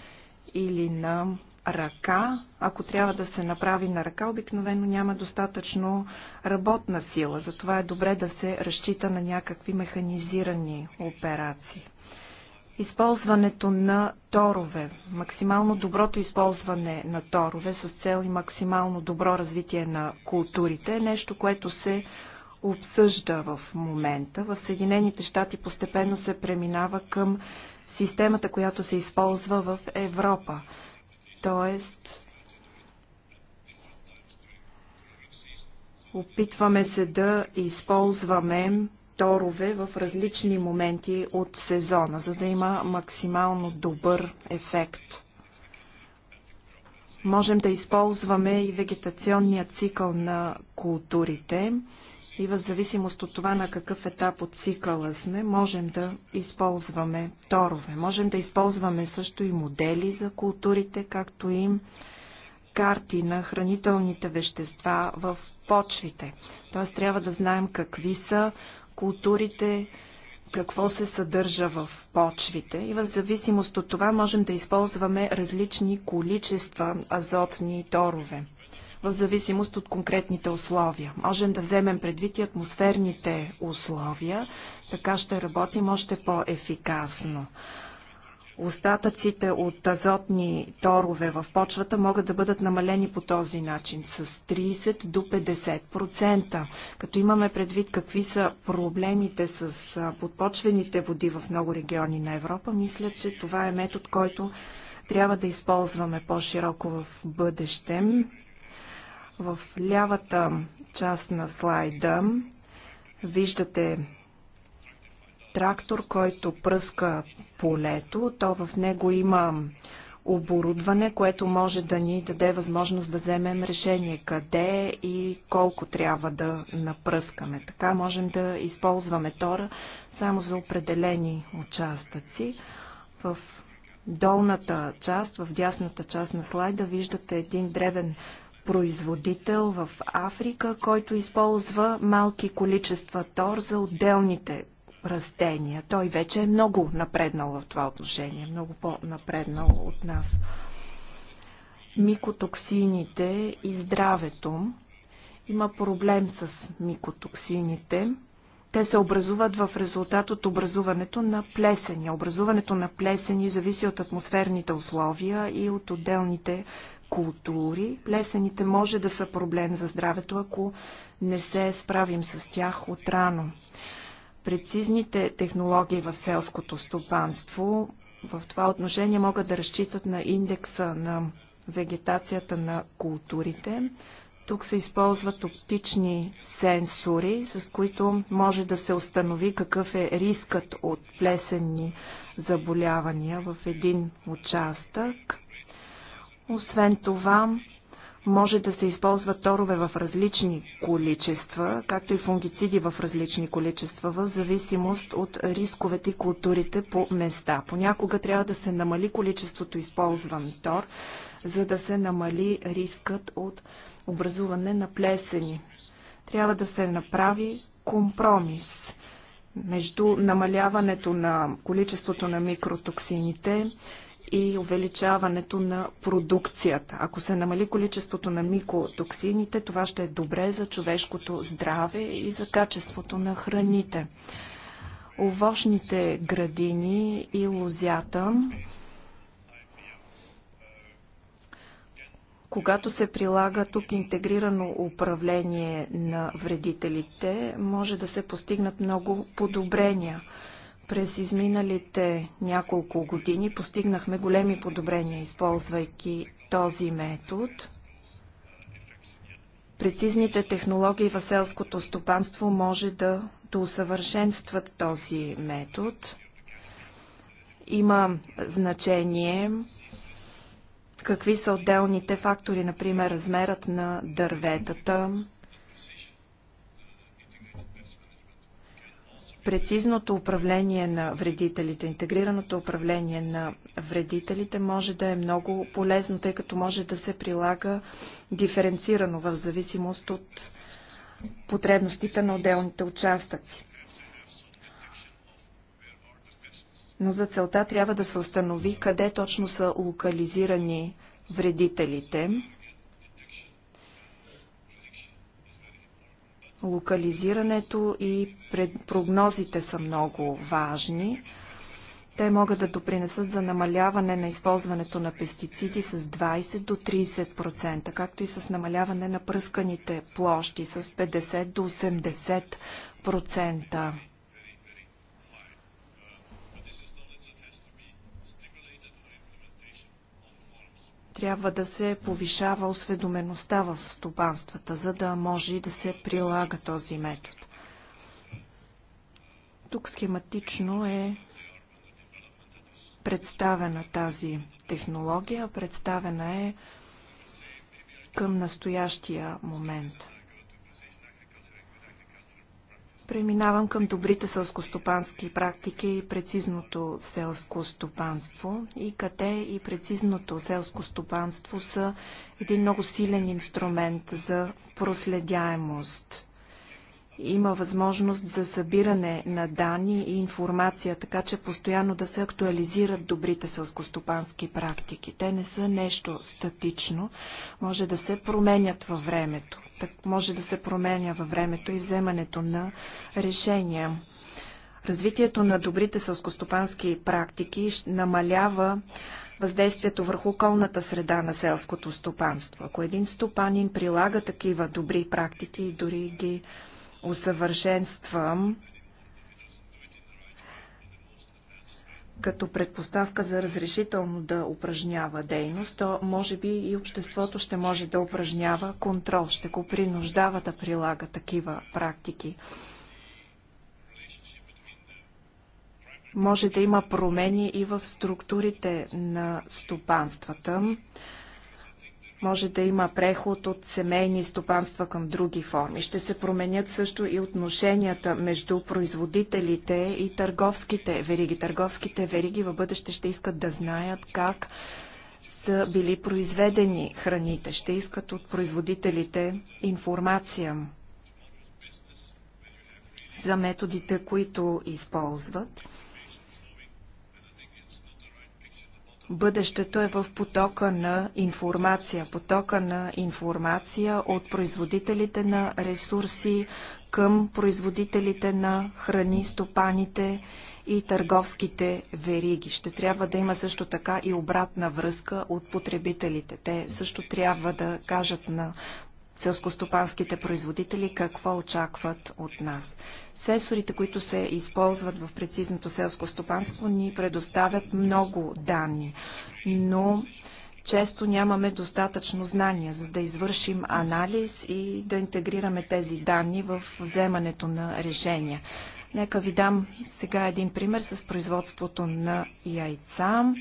или на ръка. Ако трябва да се направи на ръка, обикновено няма достатъчно работна сила. Затова е добре да се разчита на някакви механизирани операции. Използването на торове, максимално доброто използване на торове с цел и максимално добро развитие на културите е нещо, което се обсъжда в момента. В Съединените щати постепенно се преминава към системата, която се използва в Европа. Тоест, опитваме се да използваме торове в различни моменти от сезона, за да има максимално добър ефект. Можем да използваме и вегетационния цикъл на културите и в зависимост от това на какъв етап от цикъла сме, можем да използваме торове. Можем да използваме също и модели за културите, както и карти на хранителните вещества в почвите. Т.е. трябва да знаем какви са културите, какво се съдържа в почвите и в зависимост от това можем да използваме различни количества азотни торове в зависимост от конкретните условия. Можем да вземем предвид и атмосферните условия, така ще работим още по-ефикасно. Остатъците от азотни торове в почвата могат да бъдат намалени по този начин с 30 до 50%. Като имаме предвид какви са проблемите с подпочвените води в много региони на Европа, мисля, че това е метод, който трябва да използваме по-широко в бъдеще. В лявата част на слайда виждате трактор, който пръска полето. То в него има оборудване, което може да ни даде възможност да вземем решение къде и колко трябва да напръскаме. Така можем да използваме тора само за определени участъци. В долната част, в дясната част на слайда виждате един древен производител в Африка, който използва малки количества тор за отделните растения. Той вече е много напреднал в това отношение, много по-напреднал от нас. Микотоксините и здравето. Има проблем с микотоксините. Те се образуват в резултат от образуването на плесени. Образуването на плесени зависи от атмосферните условия и от отделните култури. Плесените може да са проблем за здравето, ако не се справим с тях отрано. Прецизните технологии в селското стопанство в това отношение могат да разчитат на индекса на вегетацията на културите. Тук се използват оптични сенсори, с които може да се установи какъв е рискът от плесенни заболявания в един участък. Освен това, може да се използват торове в различни количества, както и фунгициди в различни количества, в зависимост от рисковете и културите по места. Понякога трябва да се намали количеството използван тор, за да се намали рискът от образуване на плесени. Трябва да се направи компромис между намаляването на количеството на микротоксините и увеличаването на продукцията. Ако се намали количеството на микотоксините, това ще е добре за човешкото здраве и за качеството на храните. Овощните градини и лозята когато се прилага тук интегрирано управление на вредителите, може да се постигнат много подобрения – през изминалите няколко години постигнахме големи подобрения, използвайки този метод. Прецизните технологии в селското стопанство може да доусъвършенстват този метод. Има значение какви са отделните фактори, например размерът на дърветата, Прецизното управление на вредителите, интегрираното управление на вредителите може да е много полезно, тъй като може да се прилага диференцирано в зависимост от потребностите на отделните участъци. Но за целта трябва да се установи къде точно са локализирани вредителите Локализирането и прогнозите са много важни. Те могат да допринесат за намаляване на използването на пестициди с 20 до 30%, както и с намаляване на пръсканите площи с 50 до 80%. Трябва да се повишава осведомеността в стопанствата, за да може и да се прилага този метод. Тук схематично е представена тази технология, представена е към настоящия момент – Преминавам към добрите селскостопански практики и прецизното селско стопанство. И къде и прецизното селско стопанство са един много силен инструмент за проследяемост има възможност за събиране на данни и информация, така че постоянно да се актуализират добрите селскостопански практики. Те не са нещо статично, може да се променят във времето. Так може да се променя във времето и вземането на решения. Развитието на добрите селскостопански практики намалява въздействието върху околната среда на селското стопанство. Ако един стопанин прилага такива добри практики и дори ги усъвършенствам като предпоставка за разрешително да упражнява дейност, то може би и обществото ще може да упражнява контрол, ще го принуждава да прилага такива практики. Може да има промени и в структурите на стопанствата може да има преход от семейни стопанства към други форми. Ще се променят също и отношенията между производителите и търговските вериги. Търговските вериги в бъдеще ще искат да знаят как са били произведени храните. Ще искат от производителите информация за методите, които използват. Бъдещето е в потока на информация. Потока на информация от производителите на ресурси към производителите на храни, стопаните и търговските вериги. Ще трябва да има също така и обратна връзка от потребителите. Те също трябва да кажат на селскостопанските производители какво очакват от нас. Сенсорите, които се използват в прецизното селско стопанство, ни предоставят много данни, но често нямаме достатъчно знания, за да извършим анализ и да интегрираме тези данни в вземането на решения. Нека ви дам сега един пример с производството на яйца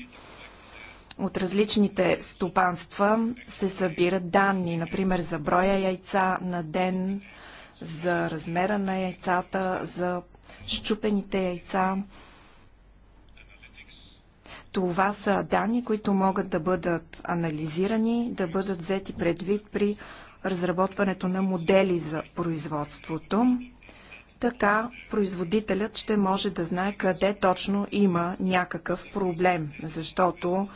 от различните стопанства се събират данни, например за броя яйца на ден, за размера на яйцата, за щупените яйца. Това са данни, които могат да бъдат анализирани, да бъдат взети предвид при разработването на модели за производството. Така производителят ще може да знае къде точно има някакъв проблем, защото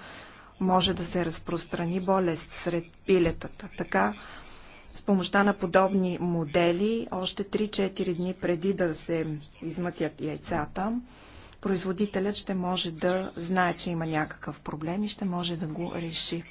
може да се разпространи болест сред пилетата. Така, с помощта на подобни модели, още 3-4 дни преди да се измътят яйцата, производителят ще може да знае, че има някакъв проблем и ще може да го реши.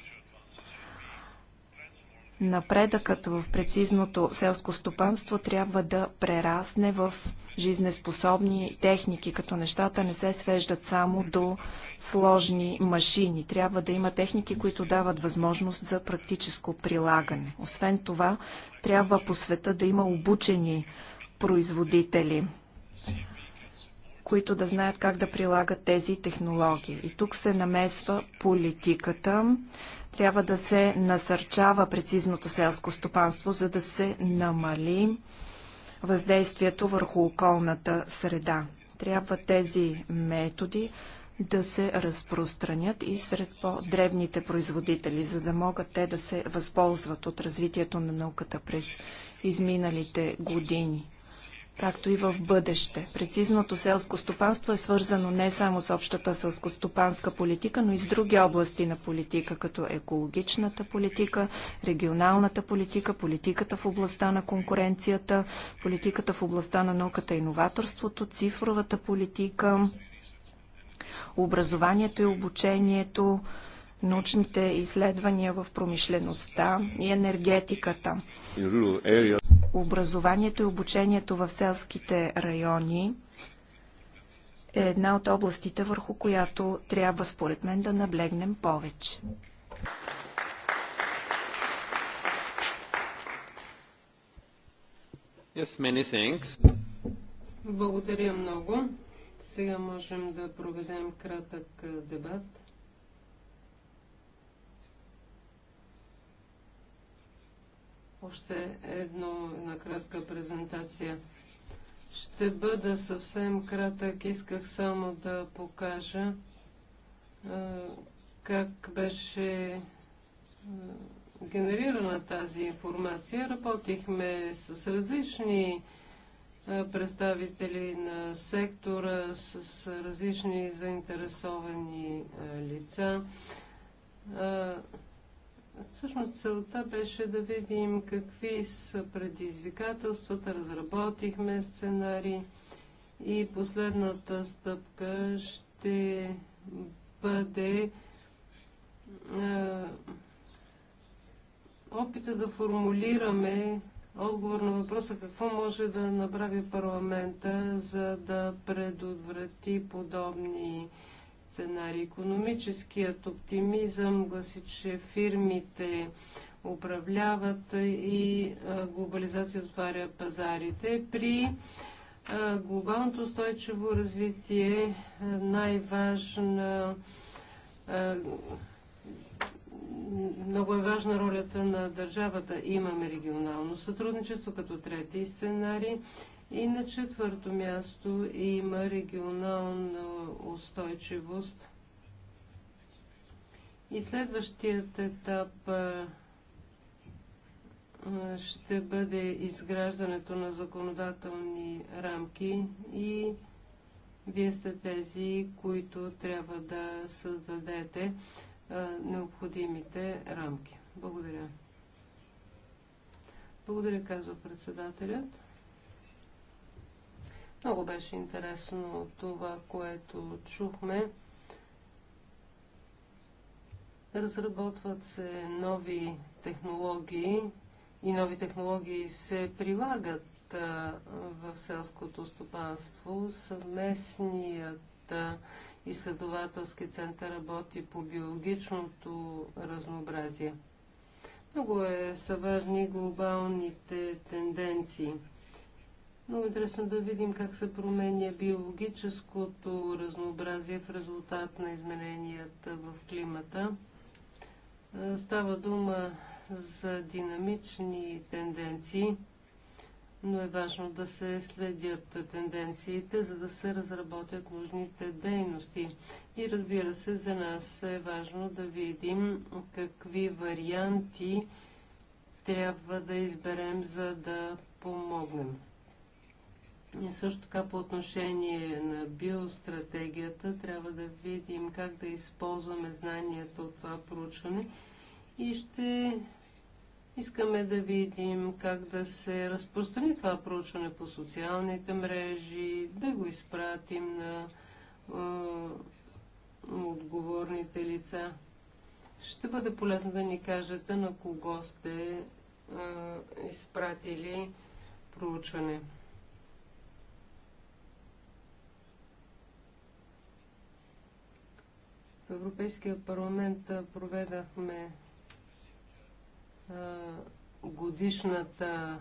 Напредъкът в прецизното селско стопанство трябва да прерасне в жизнеспособни техники, като нещата не се свеждат само до сложни машини. Трябва да има техники, които дават възможност за практическо прилагане. Освен това, трябва по света да има обучени производители – които да знаят как да прилагат тези технологии. И тук се намесва политиката. Трябва да се насърчава прецизното селско стопанство, за да се намали въздействието върху околната среда. Трябва тези методи да се разпространят и сред по-дребните производители, за да могат те да се възползват от развитието на науката през изминалите години както и в бъдеще. Прецизното селско стопанство е свързано не само с общата селскостопанска политика, но и с други области на политика, като екологичната политика, регионалната политика, политиката в областта на конкуренцията, политиката в областта на науката и новаторството, цифровата политика, образованието и обучението, научните изследвания в промишлеността и енергетиката. Образованието и обучението в селските райони е една от областите, върху която трябва според мен да наблегнем повече. Yes, many thanks. Благодаря много. Сега можем да проведем кратък дебат. Още едно, една кратка презентация. Ще бъда съвсем кратък. Исках само да покажа как беше генерирана тази информация. Работихме с различни представители на сектора, с различни заинтересовани лица. Всъщност целта беше да видим какви са предизвикателствата, разработихме сценари и последната стъпка ще бъде опита да формулираме отговор на въпроса какво може да направи парламента, за да предотврати подобни сценарий. Економическият оптимизъм гласи, че фирмите управляват и глобализация отваря пазарите. При глобалното устойчиво развитие най-важна много е важна ролята на държавата. Имаме регионално сътрудничество като трети сценарий и на четвърто място има регионална устойчивост. И следващият етап ще бъде изграждането на законодателни рамки и вие сте тези, които трябва да създадете необходимите рамки. Благодаря. Благодаря, казва председателят. Много беше интересно това, което чухме. Разработват се нови технологии и нови технологии се прилагат в селското стопанство. Съвместният изследователски център работи по биологичното разнообразие. Много е, са важни глобалните тенденции – много интересно да видим как се променя биологическото разнообразие в резултат на измененията в климата. Е, става дума за динамични тенденции, но е важно да се следят тенденциите, за да се разработят нужните дейности. И разбира се, за нас е важно да видим какви варианти трябва да изберем, за да помогнем. И също така по отношение на биостратегията трябва да видим как да използваме знанията от това проучване и ще искаме да видим как да се разпространи това проучване по социалните мрежи, да го изпратим на е, отговорните лица. Ще бъде полезно да ни кажете на кого сте е, изпратили проучване. В Европейския парламент проведахме годишната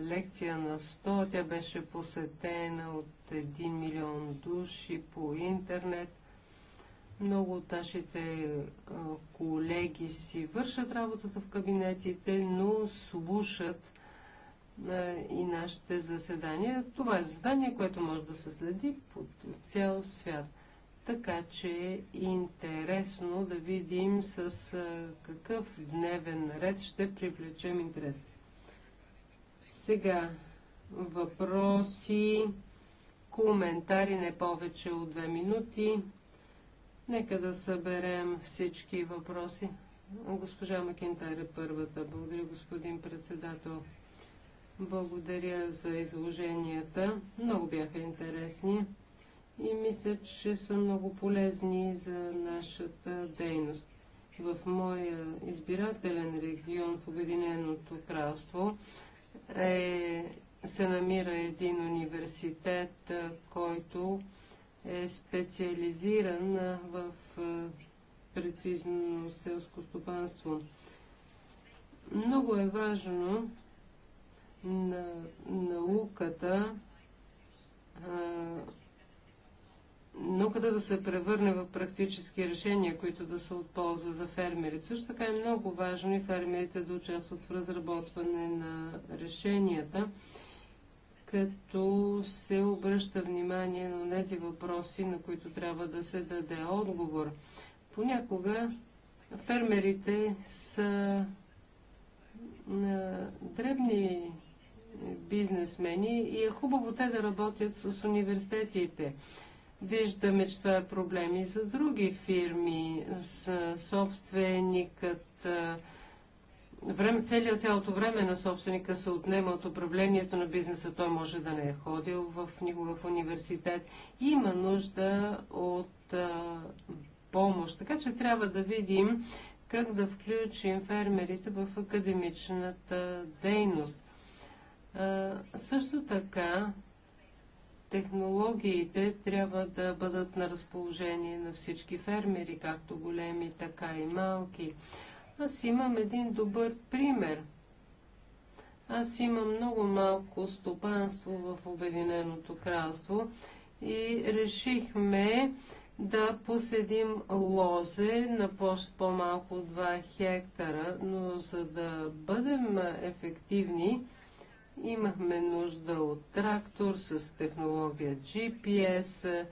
лекция на 100. Тя беше посетена от 1 милион души по интернет. Много от нашите колеги си вършат работата в кабинетите, но слушат и нашите заседания. Това е задание, което може да се следи по цял свят. Така че е интересно да видим с какъв дневен ред ще привлечем интерес. Сега въпроси, коментари не повече от две минути. Нека да съберем всички въпроси. Госпожа Макентар е първата. Благодаря, господин председател. Благодаря за изложенията. Много бяха интересни и мисля, че са много полезни за нашата дейност. В моя избирателен регион в Обединеното кралство е, се намира един университет, който е специализиран в прецизно селско стопанство. Много е важно на науката а, науката да се превърне в практически решения, които да са от полза за фермерите. Също така е много важно и фермерите да участват в разработване на решенията, като се обръща внимание на тези въпроси, на които трябва да се даде отговор. Понякога фермерите са дребни бизнесмени и е хубаво те да работят с университетите. Виждаме, че това е проблем и за други фирми. С собственикът време, целият, цялото време на собственика се отнема от управлението на бизнеса. Той може да не е ходил в никога в университет. Има нужда от а, помощ. Така че трябва да видим как да включим фермерите в академичната дейност. А, също така Технологиите трябва да бъдат на разположение на всички фермери, както големи, така и малки. Аз имам един добър пример. Аз имам много малко стопанство в Обединеното кралство и решихме да поседим лозе на площ по-малко от 2 хектара, но за да бъдем ефективни, Имахме нужда от трактор с технология GPS.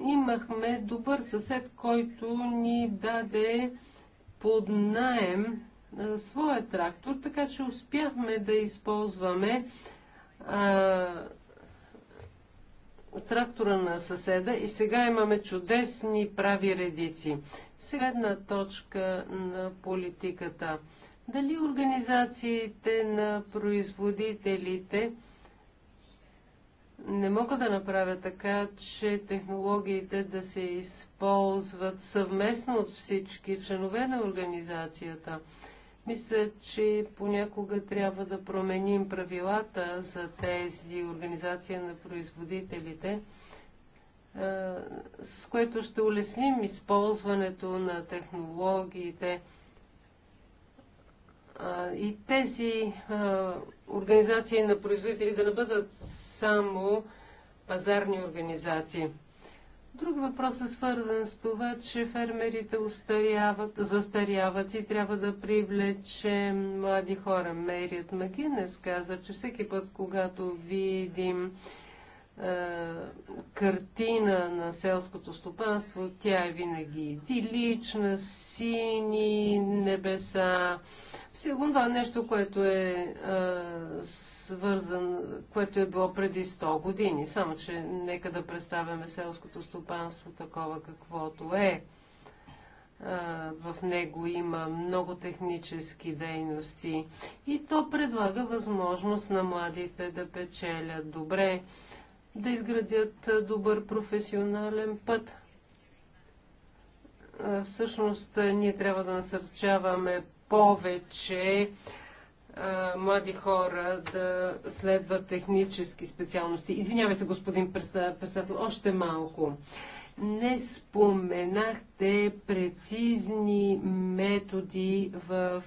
Имахме добър съсед, който ни даде под найем своя трактор, така че успяхме да използваме а, трактора на съседа и сега имаме чудесни прави редици. Средна точка на политиката. Дали организациите на производителите не могат да направят така, че технологиите да се използват съвместно от всички членове на организацията. Мисля, че понякога трябва да променим правилата за тези организации на производителите, с което ще улесним използването на технологиите и тези организации на производители да не бъдат само пазарни организации. Друг въпрос е свързан с това, че фермерите устаряват, застаряват и трябва да привлечем млади хора. Мерият Магинес каза, че всеки път, когато видим е, картина на селското стопанство, тя е винаги идилична, сини небеса. Всего това нещо, което е а, е, свързан, което е било преди 100 години. Само, че нека да представяме селското стопанство такова каквото е. е. в него има много технически дейности и то предлага възможност на младите да печелят добре да изградят добър професионален път. Всъщност, ние трябва да насърчаваме повече млади хора да следват технически специалности. Извинявайте, господин председател, още малко. Не споменахте прецизни методи в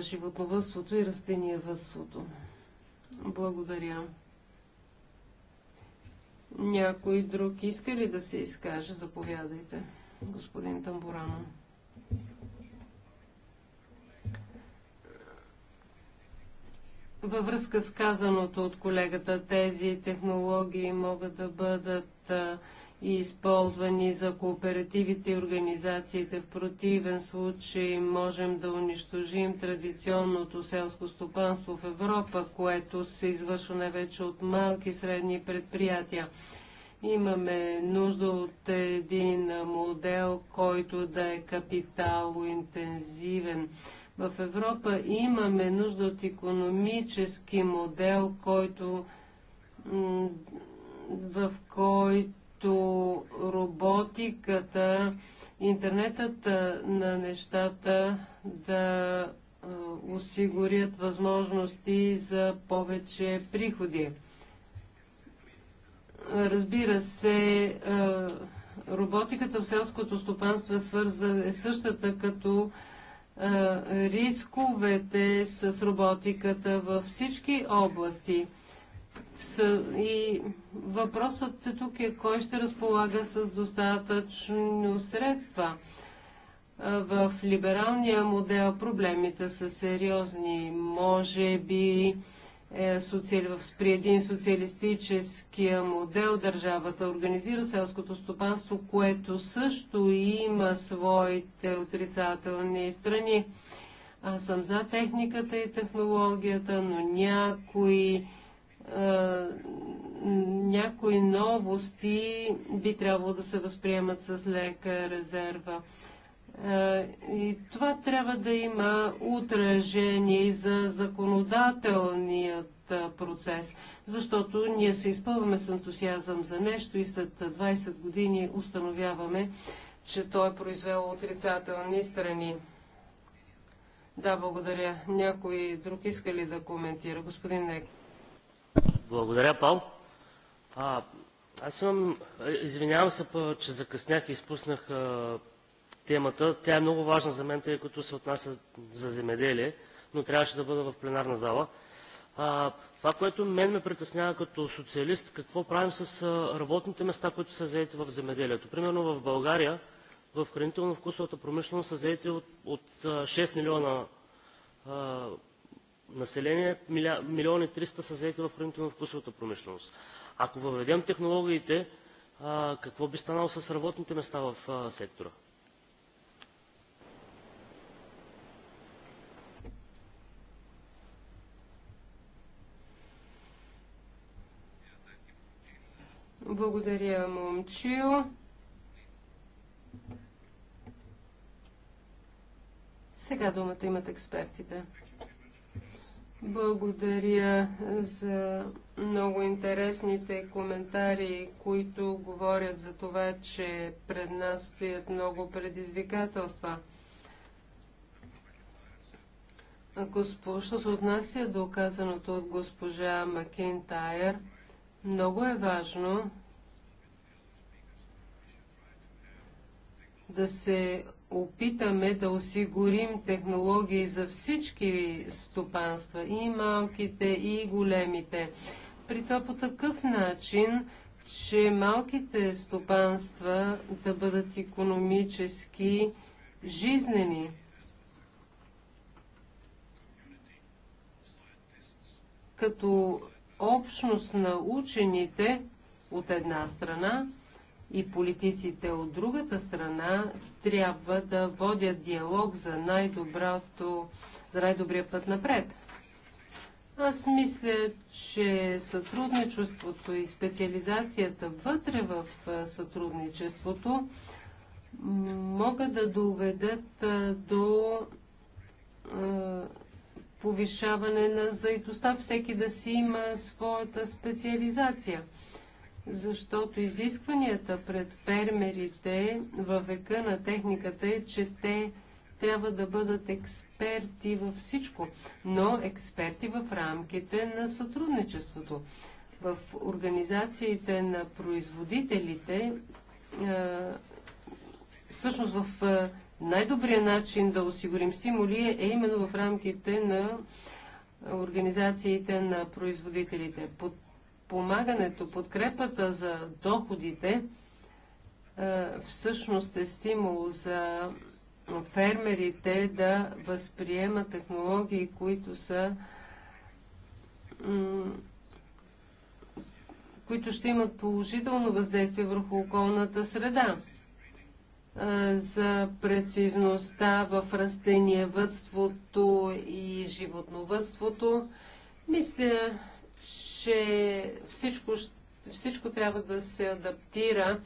животновътството и растениевътството. Благодаря. Някой друг иска ли да се изкаже? Заповядайте, господин Тамбурано. Във връзка с казаното от колегата, тези технологии могат да бъдат използвани за кооперативите и организациите. В противен случай можем да унищожим традиционното селско стопанство в Европа, което се извършва най-вече от малки и средни предприятия. Имаме нужда от един модел, който да е капиталоинтензивен. В Европа имаме нужда от економически модел, който в който като роботиката, интернетът на нещата да осигурят възможности за повече приходи. Разбира се, роботиката в селското стопанство е, свърза, е същата като рисковете с роботиката във всички области – и въпросът е тук е кой ще разполага с достатъчно средства. В либералния модел проблемите са сериозни. Може би е, социали... при един социалистическия модел държавата организира селското стопанство, което също има своите отрицателни страни. Аз съм за техниката и технологията, но някои някои новости би трябвало да се възприемат с лека резерва. И това трябва да има отражение и за законодателният процес, защото ние се изпълваме с ентусиазъм за нещо и след 20 години установяваме, че то е произвело отрицателни страни. Да, благодаря. Някой друг иска ли да коментира? Господин Неков. Благодаря, Пал. А, аз съм... Извинявам се, че закъснях и изпуснах а, темата. Тя е много важна за мен, тъй като се отнася за земеделие, но трябваше да бъда в пленарна зала. А, това, което мен ме притеснява като социалист, какво правим с а, работните места, които са заети в земеделието. Примерно в България, в хранително-вкусовата промишленост са заети от, от 6 милиона а, население, милиони 300 са заети в хранително-вкусовата промишленост. Ако въведем технологиите, какво би станало с работните места в сектора? Благодаря, момчил. Сега думата имат експертите. Благодаря за много интересните коментари, които говорят за това, че пред нас стоят много предизвикателства. Госпожа се отнася до казаното от госпожа Макентайер. много е важно да се опитаме да осигурим технологии за всички стопанства, и малките, и големите. При това по такъв начин, че малките стопанства да бъдат економически жизнени. Като общност на учените от една страна и политиците от другата страна трябва да водят диалог за най-доброто, за най-добрия път напред. Аз мисля, че сътрудничеството и специализацията вътре в сътрудничеството могат да доведат до повишаване на заедостта, всеки да си има своята специализация защото изискванията пред фермерите във века на техниката е, че те трябва да бъдат експерти във всичко, но експерти в рамките на сътрудничеството. В организациите на производителите, е, всъщност в е, най-добрия начин да осигурим стимули е именно в рамките на организациите на производителите. По подпомагането, подкрепата за доходите е, всъщност е стимул за фермерите да възприемат технологии, които са които ще имат положително въздействие върху околната среда. Е, за прецизността в растениевътството и животновътството, мисля, че всичко, всичко трябва да се адаптира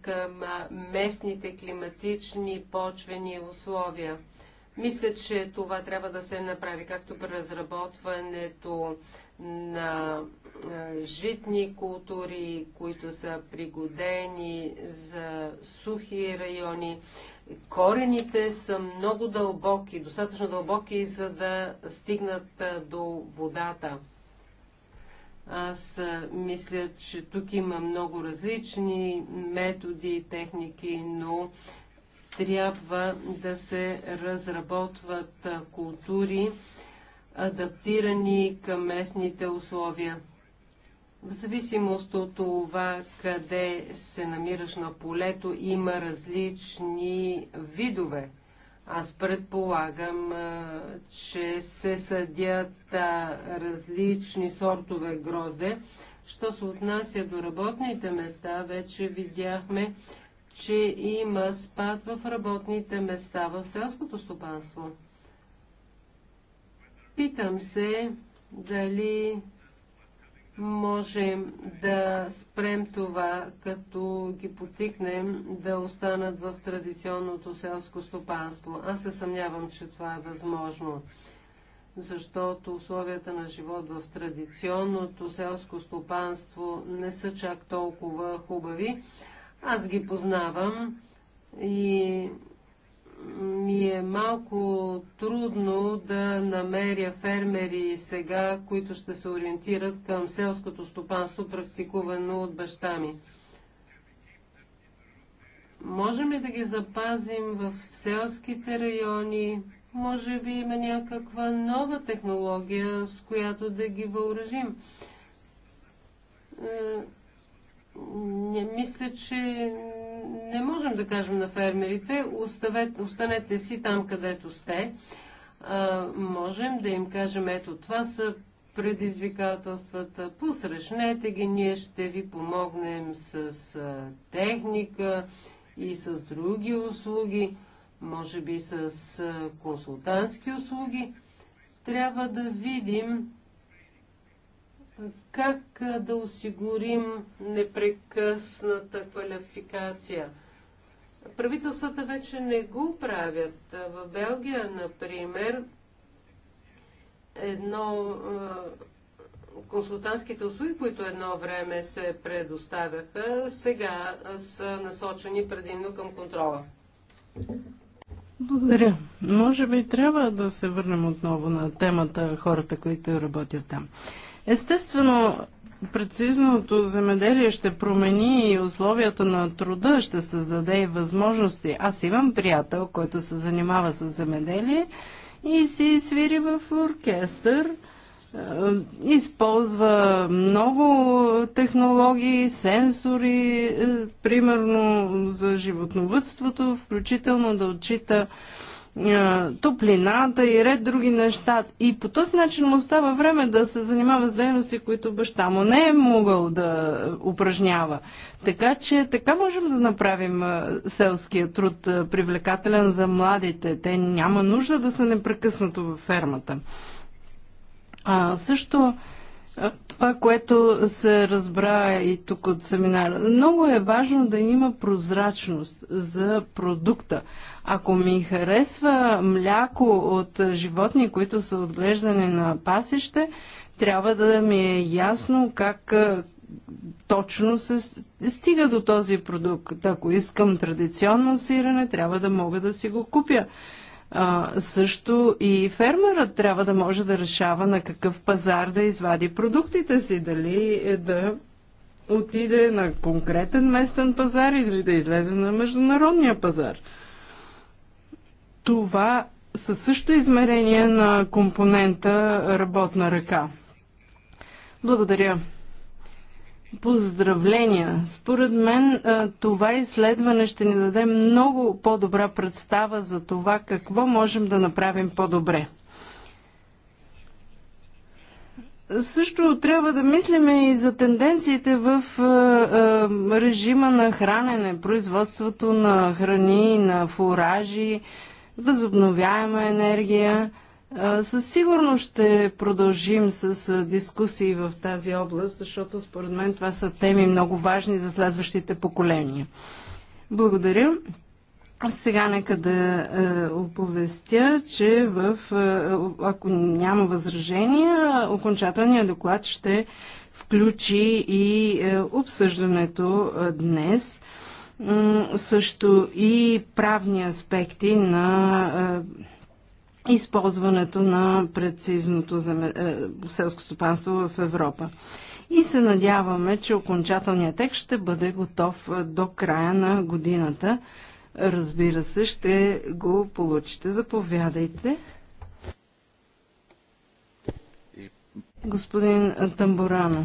към местните климатични почвени условия. Мисля, че това трябва да се направи както при разработването на житни култури, които са пригодени за сухи райони. Корените са много дълбоки, достатъчно дълбоки, за да стигнат до водата. Аз мисля, че тук има много различни методи и техники, но трябва да се разработват култури, адаптирани към местните условия. В зависимост от това, къде се намираш на полето, има различни видове аз предполагам, че се съдят различни сортове грозде. Що се отнася до работните места, вече видяхме, че има спад в работните места в селското стопанство. Питам се дали можем да спрем това, като ги потикнем да останат в традиционното селско стопанство. Аз се съмнявам, че това е възможно, защото условията на живот в традиционното селско стопанство не са чак толкова хубави. Аз ги познавам и ми е малко трудно да намеря фермери сега, които ще се ориентират към селското стопанство, практикувано от баща ми. Можем ли да ги запазим в селските райони? Може би има някаква нова технология, с която да ги въоръжим. Е, не, мисля, че не можем да кажем на фермерите, оставете, останете си там, където сте. А, можем да им кажем, ето това са предизвикателствата, посрещнете ги, ние ще ви помогнем с, с техника и с други услуги, може би с консултантски услуги. Трябва да видим как да осигурим непрекъсната квалификация? Правителствата вече не го правят. В Белгия, например, едно консултантските услуги, които едно време се предоставяха, сега са насочени предимно към контрола. Благодаря. Може би трябва да се върнем отново на темата хората, които работят там. Естествено, прецизното земеделие ще промени и условията на труда, ще създаде и възможности. Аз имам приятел, който се занимава с земеделие и си свири в оркестър. Е, използва много технологии, сенсори, е, примерно за животновътството, включително да отчита е, топлината и ред други неща. И по този начин му остава време да се занимава с дейности, които баща му не е могъл да упражнява. Така че така можем да направим е, селския труд е, привлекателен за младите. Те няма нужда да са непрекъснато във фермата. А, също това, което се разбра и тук от семинара, много е важно да има прозрачност за продукта. Ако ми харесва мляко от животни, които са отглеждани на пасище, трябва да ми е ясно как точно се стига до този продукт. Ако искам традиционно сирене, трябва да мога да си го купя а, също и фермерът трябва да може да решава на какъв пазар да извади продуктите си, дали е да отиде на конкретен местен пазар или да излезе на международния пазар. Това са също измерения на компонента работна ръка. Благодаря. Поздравления! Според мен това изследване ще ни даде много по-добра представа за това какво можем да направим по-добре. Също трябва да мислим и за тенденциите в режима на хранене, производството на храни, на фуражи, възобновяема енергия – със сигурност ще продължим с дискусии в тази област, защото според мен това са теми много важни за следващите поколения. Благодаря. Сега нека да е, оповестя, че в, е, ако няма възражения, окончателният доклад ще включи и е, обсъждането е, днес, също и правни аспекти на. Е, използването на прецизното е, селско стопанство в Европа. И се надяваме, че окончателният текст ще бъде готов е, до края на годината. Разбира се, ще го получите. Заповядайте. Господин Тамбурано.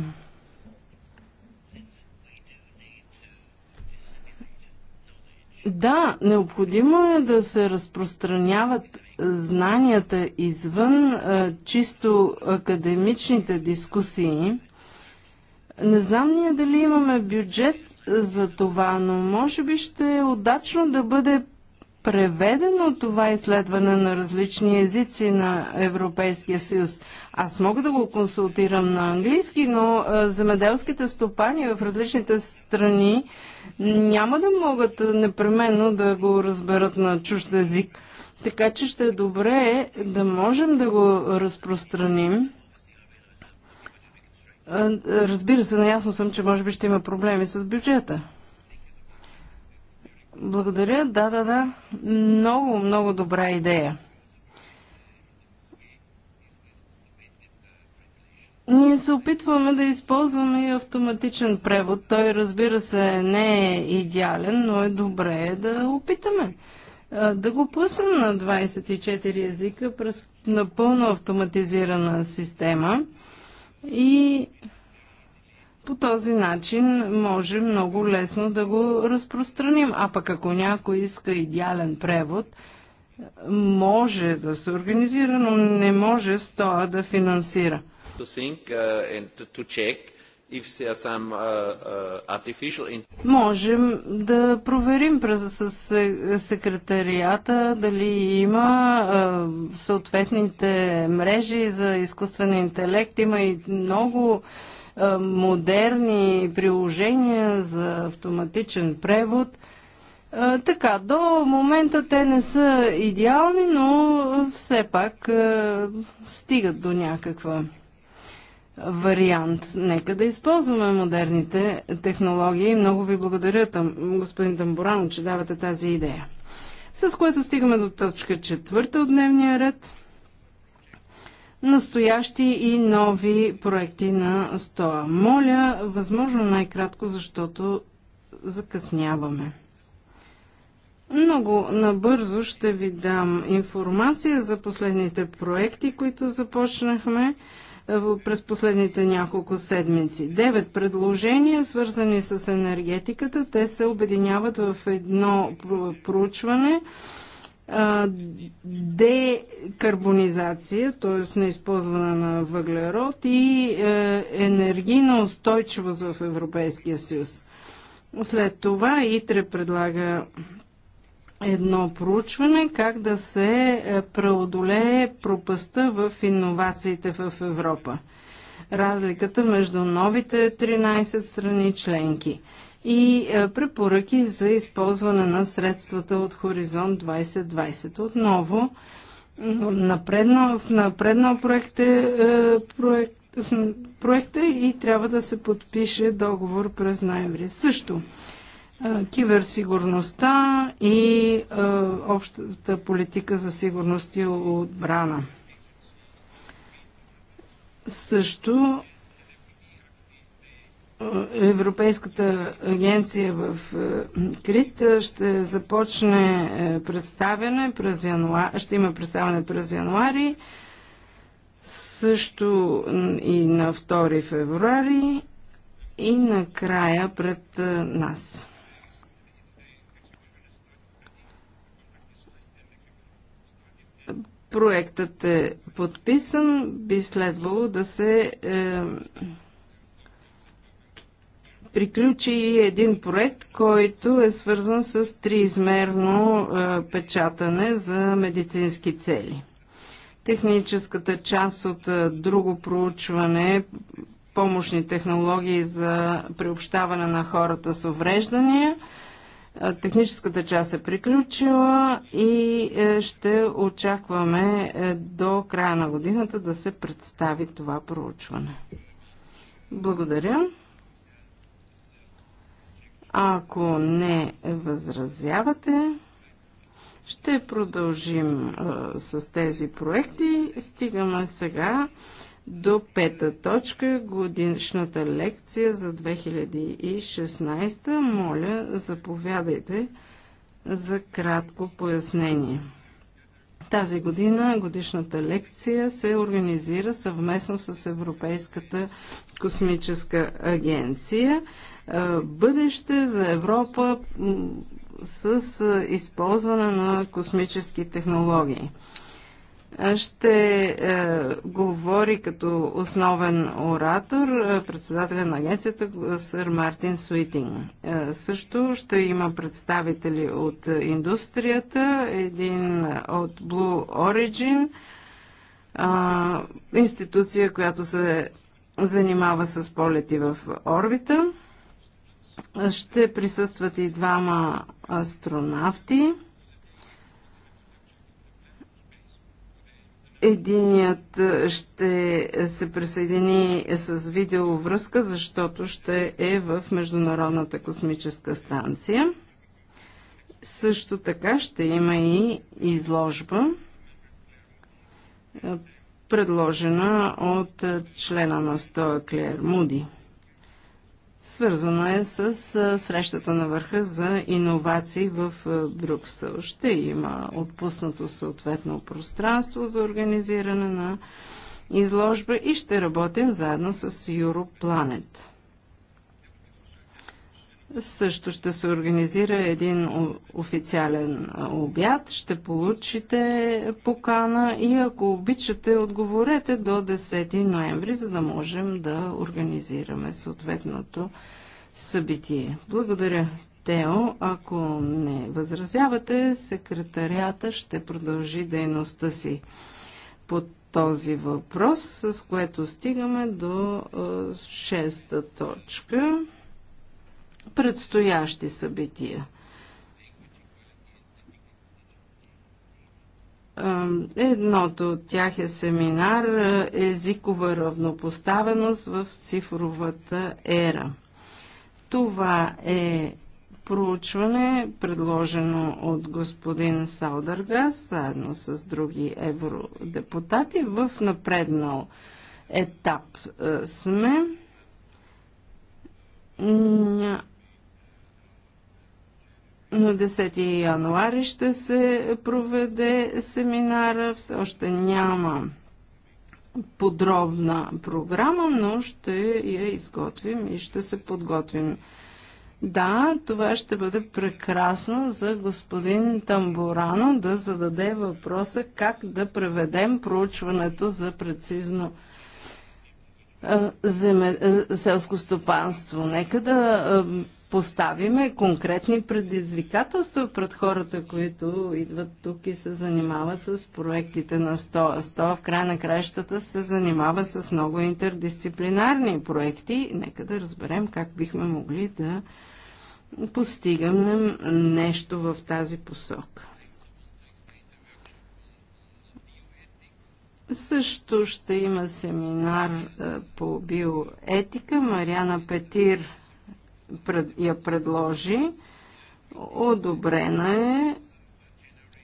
Да, необходимо е да се разпространяват знанията извън чисто академичните дискусии. Не знам ние дали имаме бюджет за това, но може би ще е удачно да бъде преведено това изследване на различни езици на Европейския съюз. Аз мога да го консултирам на английски, но земеделските стопани в различните страни няма да могат непременно да го разберат на чужд език. Така че ще е добре да можем да го разпространим. Разбира се, наясно съм, че може би ще има проблеми с бюджета. Благодаря. Да, да, да. Много, много добра идея. Ние се опитваме да използваме и автоматичен превод. Той, разбира се, не е идеален, но е добре да опитаме да го пусна на 24 езика през напълно автоматизирана система и по този начин може много лесно да го разпространим. А пък ако някой иска идеален превод, може да се организира, но не може стоя да финансира. To think, uh, and to check Uh, uh, Можем да проверим с секретарията дали има съответните мрежи за изкуствен интелект. Има и много модерни приложения за автоматичен превод. Така, до момента те не са идеални, но все пак стигат до някаква вариант. Нека да използваме модерните технологии. Много ви благодаря, там, господин Тамбурано, че давате тази идея. С което стигаме до точка четвърта от дневния ред. Настоящи и нови проекти на СТОА. Моля, възможно най-кратко, защото закъсняваме. Много набързо ще ви дам информация за последните проекти, които започнахме през последните няколко седмици. Девет предложения, свързани с енергетиката, те се обединяват в едно проучване декарбонизация, т.е. на използване на въглерод и е, енергийна устойчивост в Европейския съюз. След това ИТРЕ предлага едно проучване как да се е, преодолее пропаста в иновациите в Европа. Разликата между новите 13 страни членки и е, препоръки за използване на средствата от Хоризонт 2020. Отново, напреднал, напреднал проект е, е проект, проекта и трябва да се подпише договор през ноември. Също е, киберсигурността и е, общата политика за сигурност и отбрана. Също е, Европейската агенция в Крит ще започне представяне през януари, ще има представяне през януари, също и на 2 февруари и накрая пред нас. Проектът е подписан, би следвало да се е, приключи и един проект, който е свързан с триизмерно е, печатане за медицински цели. Техническата част от е, друго проучване помощни технологии за приобщаване на хората с увреждания – Техническата част е приключила и е, ще очакваме е, до края на годината да се представи това проучване. Благодаря. Ако не възразявате, ще продължим е, с тези проекти. Стигаме сега до пета точка, годишната лекция за 2016. Моля, заповядайте за кратко пояснение. Тази година годишната лекция се организира съвместно с Европейската космическа агенция. Е, бъдеще за Европа с е, използване на космически технологии ще е, говори като основен оратор е, председателя на агенцията сър Мартин Суитинг. Е, също ще има представители от индустрията, един от Blue Origin, е, институция, която се занимава с полети в орбита. Ще присъстват и двама астронавти – Единият е, ще се присъедини с видеовръзка, защото ще е в Международната космическа станция. Също така ще има и изложба, е, предложена от члена на Стоя Клер Муди. Свързана е с срещата на върха за иновации в Брюксел. Ще има отпуснато съответно пространство за организиране на изложба и ще работим заедно с Europlanet. Също ще се организира един официален обяд. Ще получите покана и ако обичате, отговорете до 10 ноември, за да можем да организираме съответното събитие. Благодаря, Тео. Ако не възразявате, секретарията ще продължи дейността си по този въпрос, с което стигаме до шеста точка предстоящи събития. Едното от тях е семинар е, Езикова равнопоставеност в цифровата ера. Това е проучване, предложено от господин Салдъргас, заедно с други евродепутати. В напреднал етап е, сме. На 10 януари ще се проведе семинара. Все още няма подробна програма, но ще я изготвим и ще се подготвим. Да, това ще бъде прекрасно за господин Тамбурано да зададе въпроса как да преведем проучването за прецизно земе, селско стопанство. Нека да поставиме конкретни предизвикателства пред хората, които идват тук и се занимават с проектите на СТОА. СТОА в края на краищата се занимава с много интердисциплинарни проекти. Нека да разберем как бихме могли да постигаме нещо в тази посока. Също ще има семинар по биоетика. Мариана Петир я предложи. Одобрена е.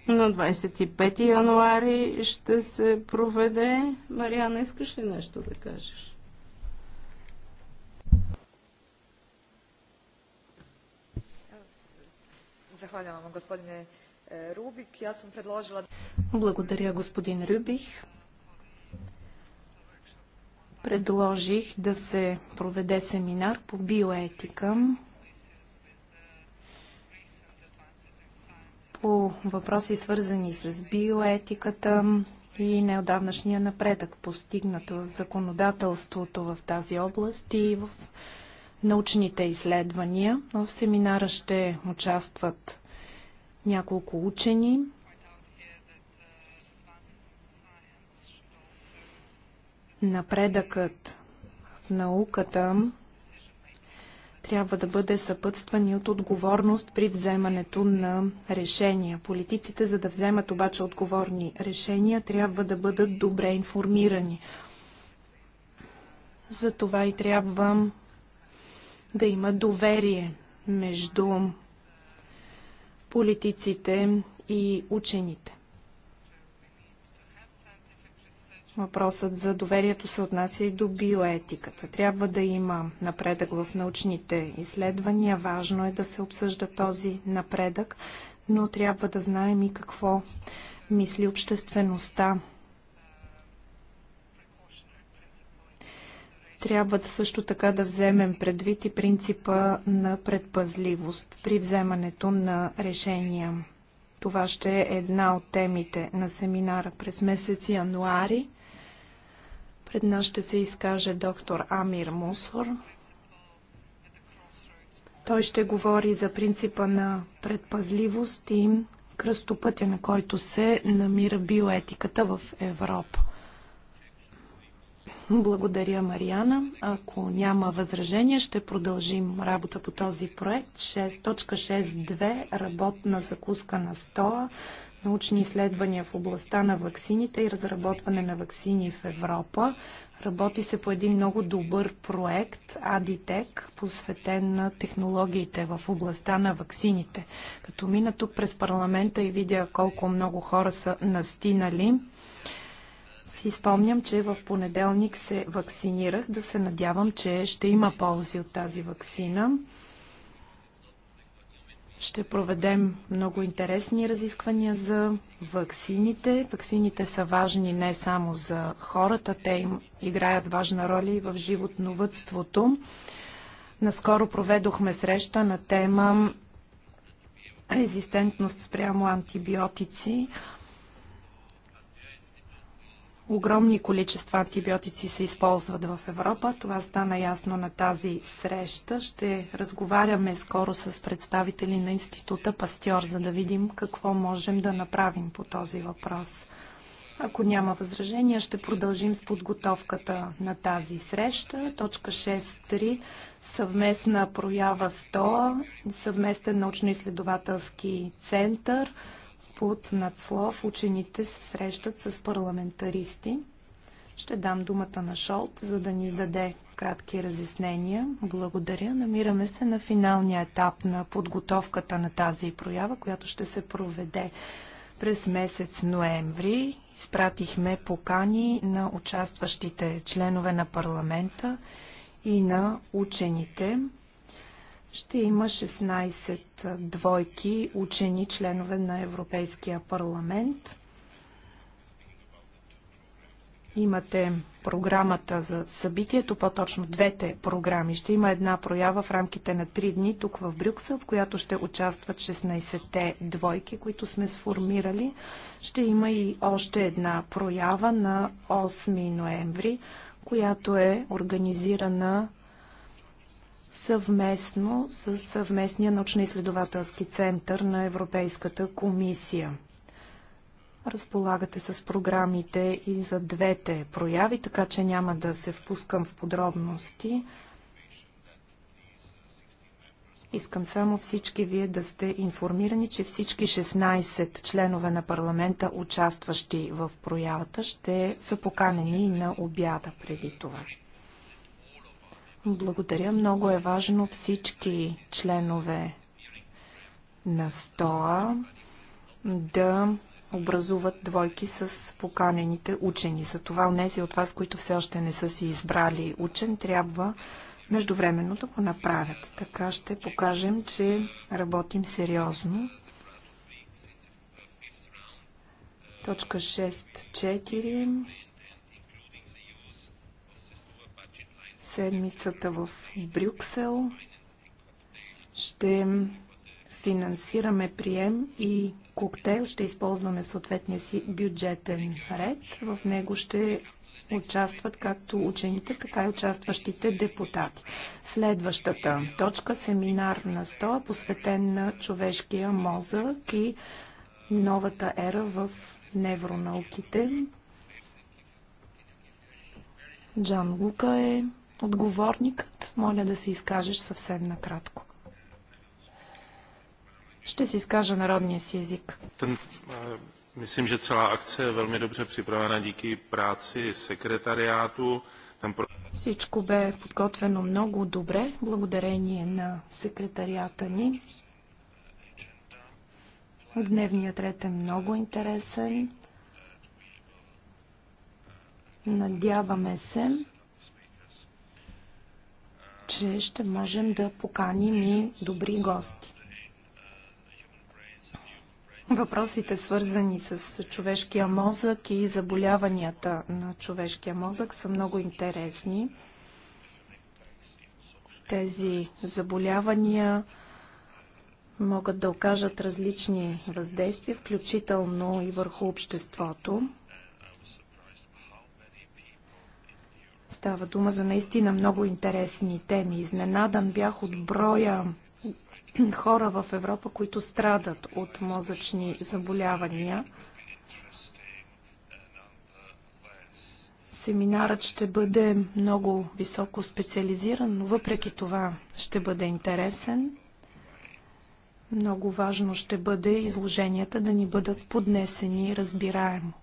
На 25 януари ще се проведе. Мариана, искаш ли нещо да кажеш? Zahvaljujem vam, е, Рубик. Благодаря, господин Рюбих предложих да се проведе семинар по биоетика по въпроси свързани с биоетиката и неодавнашния напредък, постигнат в законодателството в тази област и в научните изследвания. В семинара ще участват няколко учени, Напредъкът в науката трябва да бъде съпътстван и от отговорност при вземането на решения. Политиците, за да вземат обаче отговорни решения, трябва да бъдат добре информирани. Затова и трябва да има доверие между политиците и учените. Въпросът за доверието се отнася и до биоетиката. Трябва да има напредък в научните изследвания. Важно е да се обсъжда този напредък, но трябва да знаем и какво мисли обществеността. Трябва да също така да вземем предвид и принципа на предпазливост при вземането на решения. Това ще е една от темите на семинара през месец януари – пред нас ще се изкаже доктор Амир Мусор. Той ще говори за принципа на предпазливост и кръстопътя, на който се намира биоетиката в Европа. Благодаря, Мариана. Ако няма възражение, ще продължим работа по този проект. 6.6.2 работна закуска на стола научни изследвания в областта на ваксините и разработване на ваксини в Европа. Работи се по един много добър проект Адитек, посветен на технологиите в областта на ваксините. Като мина тук през парламента и видя колко много хора са настинали, си спомням, че в понеделник се вакцинирах. Да се надявам, че ще има ползи от тази вакцина. Ще проведем много интересни разисквания за ваксините. Ваксините са важни не само за хората, те им играят важна роля и в животновътството. Наскоро проведохме среща на тема резистентност спрямо антибиотици. Огромни количества антибиотици се използват в Европа. Това стана ясно на тази среща. Ще разговаряме скоро с представители на института Пастьор, за да видим какво можем да направим по този въпрос. Ако няма възражения, ще продължим с подготовката на тази среща. Точка 6.3. Съвместна проява 100. Съвместен научно-изследователски център – под надслов учените се срещат с парламентаристи. Ще дам думата на Шолт, за да ни даде кратки разяснения. Благодаря. Намираме се на финалния етап на подготовката на тази проява, която ще се проведе през месец ноември. Изпратихме покани на участващите членове на парламента и на учените ще има 16 двойки учени членове на Европейския парламент. Имате програмата за събитието, по-точно двете програми. Ще има една проява в рамките на три дни тук в Брюксел, в която ще участват 16-те двойки, които сме сформирали. Ще има и още една проява на 8 ноември, която е организирана съвместно с съвместния научно-изследователски център на Европейската комисия. Разполагате с програмите и за двете прояви, така че няма да се впускам в подробности. Искам само всички вие да сте информирани, че всички 16 членове на парламента, участващи в проявата, ще са поканени на обяда преди това. Благодаря. Много е важно всички членове на стола да образуват двойки с поканените учени. Затова онези от вас, които все още не са си избрали учен, трябва междувременно да го направят. Така ще покажем, че работим сериозно. Точка 6.4 седмицата в Брюксел. Ще финансираме прием и коктейл. Ще използваме съответния си бюджетен ред. В него ще участват както учените, така и участващите депутати. Следващата точка – семинар на 100, посветен на човешкия мозък и новата ера в невронауките. Джан Лука е Отговорникът, моля да се изкажеш съвсем накратко. Ще си изкажа народния си език. че цяла акция е велми добре приправена дики праци práci sekretariátu. Всичко бе подготвено много добре, благодарение на секретарията ни. Дневният ред е много интересен. Надяваме се, че ще можем да поканим и добри гости. Въпросите, свързани с човешкия мозък и заболяванията на човешкия мозък, са много интересни. Тези заболявания могат да окажат различни въздействия, включително и върху обществото. Става дума за наистина много интересни теми. Изненадан бях от броя хора в Европа, които страдат от мозъчни заболявания. Семинарът ще бъде много високо специализиран, но въпреки това ще бъде интересен. Много важно ще бъде изложенията да ни бъдат поднесени разбираемо.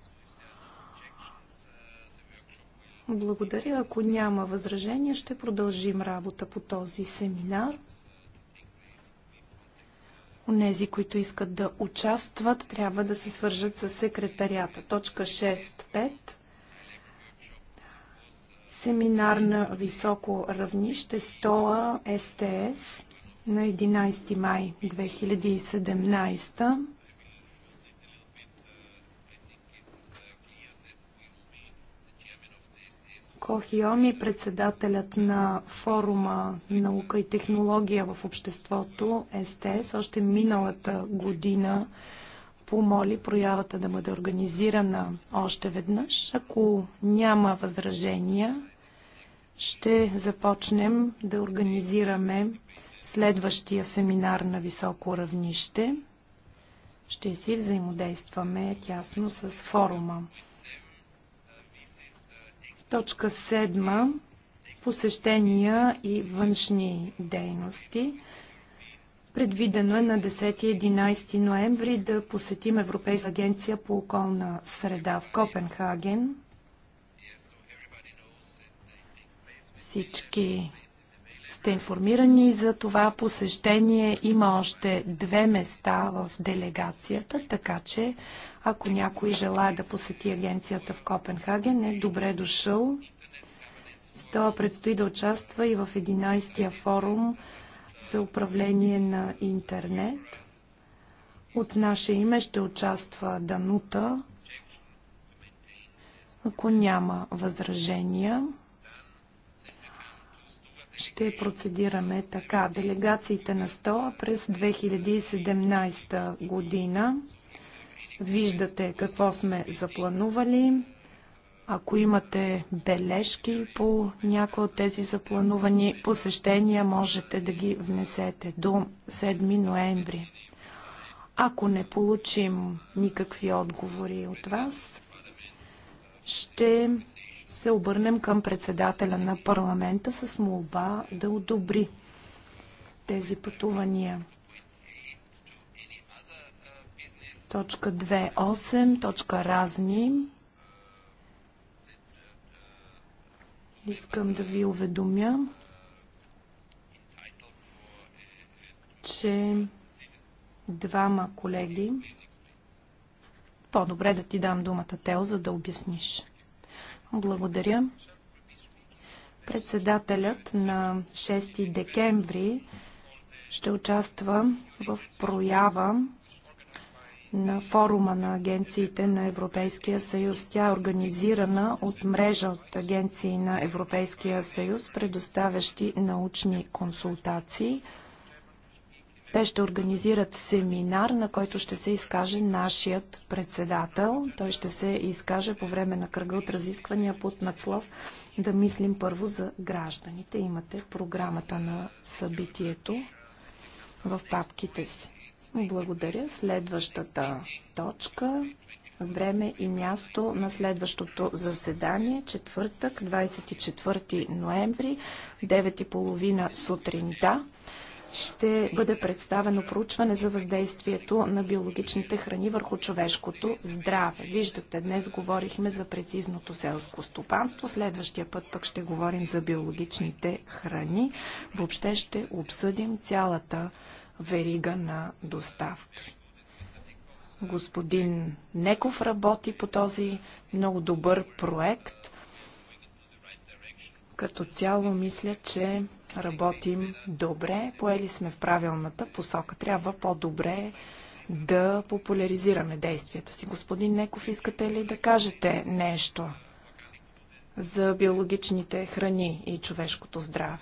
Благодаря. Ако няма възражения, ще продължим работа по този семинар. Онези, които искат да участват, трябва да се свържат с секретарията. Точка 6.5. Семинар на високо равнище 100 СТС на 11 май 2017 Кохиоми, председателят на форума Наука и технология в обществото, СТС, още миналата година помоли проявата да бъде организирана още веднъж. Ако няма възражения, ще започнем да организираме следващия семинар на високо равнище. Ще си взаимодействаме тясно с форума. Точка седма. Посещения и външни дейности. Предвидено е на 10 и 11 ноември да посетим Европейска агенция по околна среда в Копенхаген. Всички сте информирани за това посещение. Има още две места в делегацията, така че ако някой желая да посети агенцията в Копенхаген, е добре дошъл. Стоа предстои да участва и в 11-я форум за управление на интернет. От наше име ще участва Данута, ако няма възражения ще процедираме така. Делегациите на стола през 2017 година. Виждате какво сме запланували. Ако имате бележки по някои от тези запланувани посещения, можете да ги внесете до 7 ноември. Ако не получим никакви отговори от вас, ще се обърнем към председателя на парламента с молба да одобри тези пътувания. Точка 2.8, точка разни. Искам да ви уведомя, че двама колеги. По-добре да ти дам думата, Тел, за да обясниш. Благодаря. Председателят на 6 декември ще участва в проява на форума на агенциите на Европейския съюз. Тя е организирана от мрежа от агенции на Европейския съюз, предоставящи научни консултации – те ще организират семинар, на който ще се изкаже нашият председател. Той ще се изкаже по време на кръга от разисквания под надслов да мислим първо за гражданите. Имате програмата на събитието в папките си. Благодаря. Следващата точка време и място на следващото заседание, четвъртък, 24 ноември, 9.30 сутринта. Да ще бъде представено проучване за въздействието на биологичните храни върху човешкото здраве. Виждате, днес говорихме за прецизното селско стопанство, следващия път пък ще говорим за биологичните храни. Въобще ще обсъдим цялата верига на доставки. Господин Неков работи по този много добър проект. Като цяло мисля, че работим добре, поели сме в правилната посока. Трябва по-добре да популяризираме действията си. Господин Неков, искате ли да кажете нещо за биологичните храни и човешкото здраве?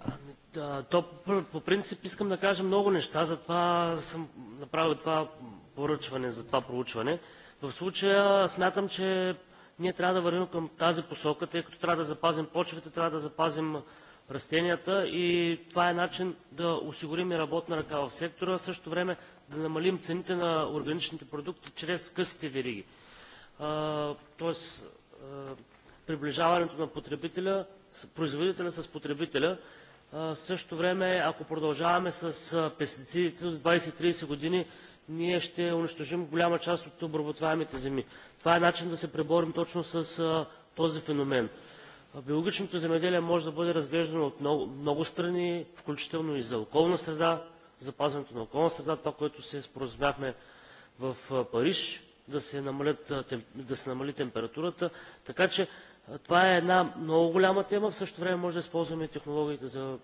Ами, то по принцип искам да кажа много неща, затова съм направил това поръчване, за това проучване. В случая смятам, че ние трябва да вървим към тази посока, тъй като трябва да запазим почвите, трябва да запазим растенията и това е начин да осигурим и работна ръка в сектора, а също време да намалим цените на органичните продукти чрез късите вериги. Тоест, приближаването на потребителя, производителя с потребителя. Също време, ако продължаваме с пестицидите от 20-30 години, ние ще унищожим голяма част от обработваемите земи. Това е начин да се преборим точно с този феномен. Биологичното земеделие може да бъде разглеждано от много, много страни, включително и за околна среда, запазването на околна среда, това, което се споразумяхме в Париж, да се, намалят, да се намали температурата. Така че това е една много голяма тема. В същото време може да използваме технологиите за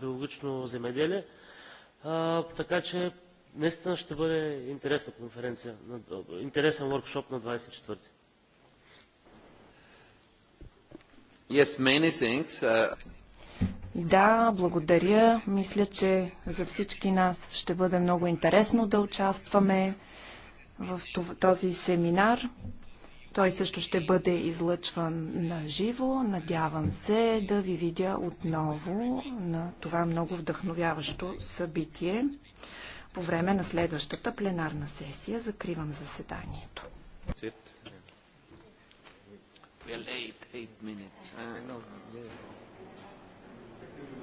биологично земеделие. Така че Наистина ще бъде интересна конференция, интересен воркшоп на 24-ти. Yes, many things. Uh, да, благодаря. Мисля, че за всички нас ще бъде много интересно да участваме в този семинар. Той също ще бъде излъчван на живо. Надявам се да ви видя отново на това много вдъхновяващо събитие по време на следващата пленарна сесия. Закривам заседанието. We're late, eight minutes. I know. Yeah.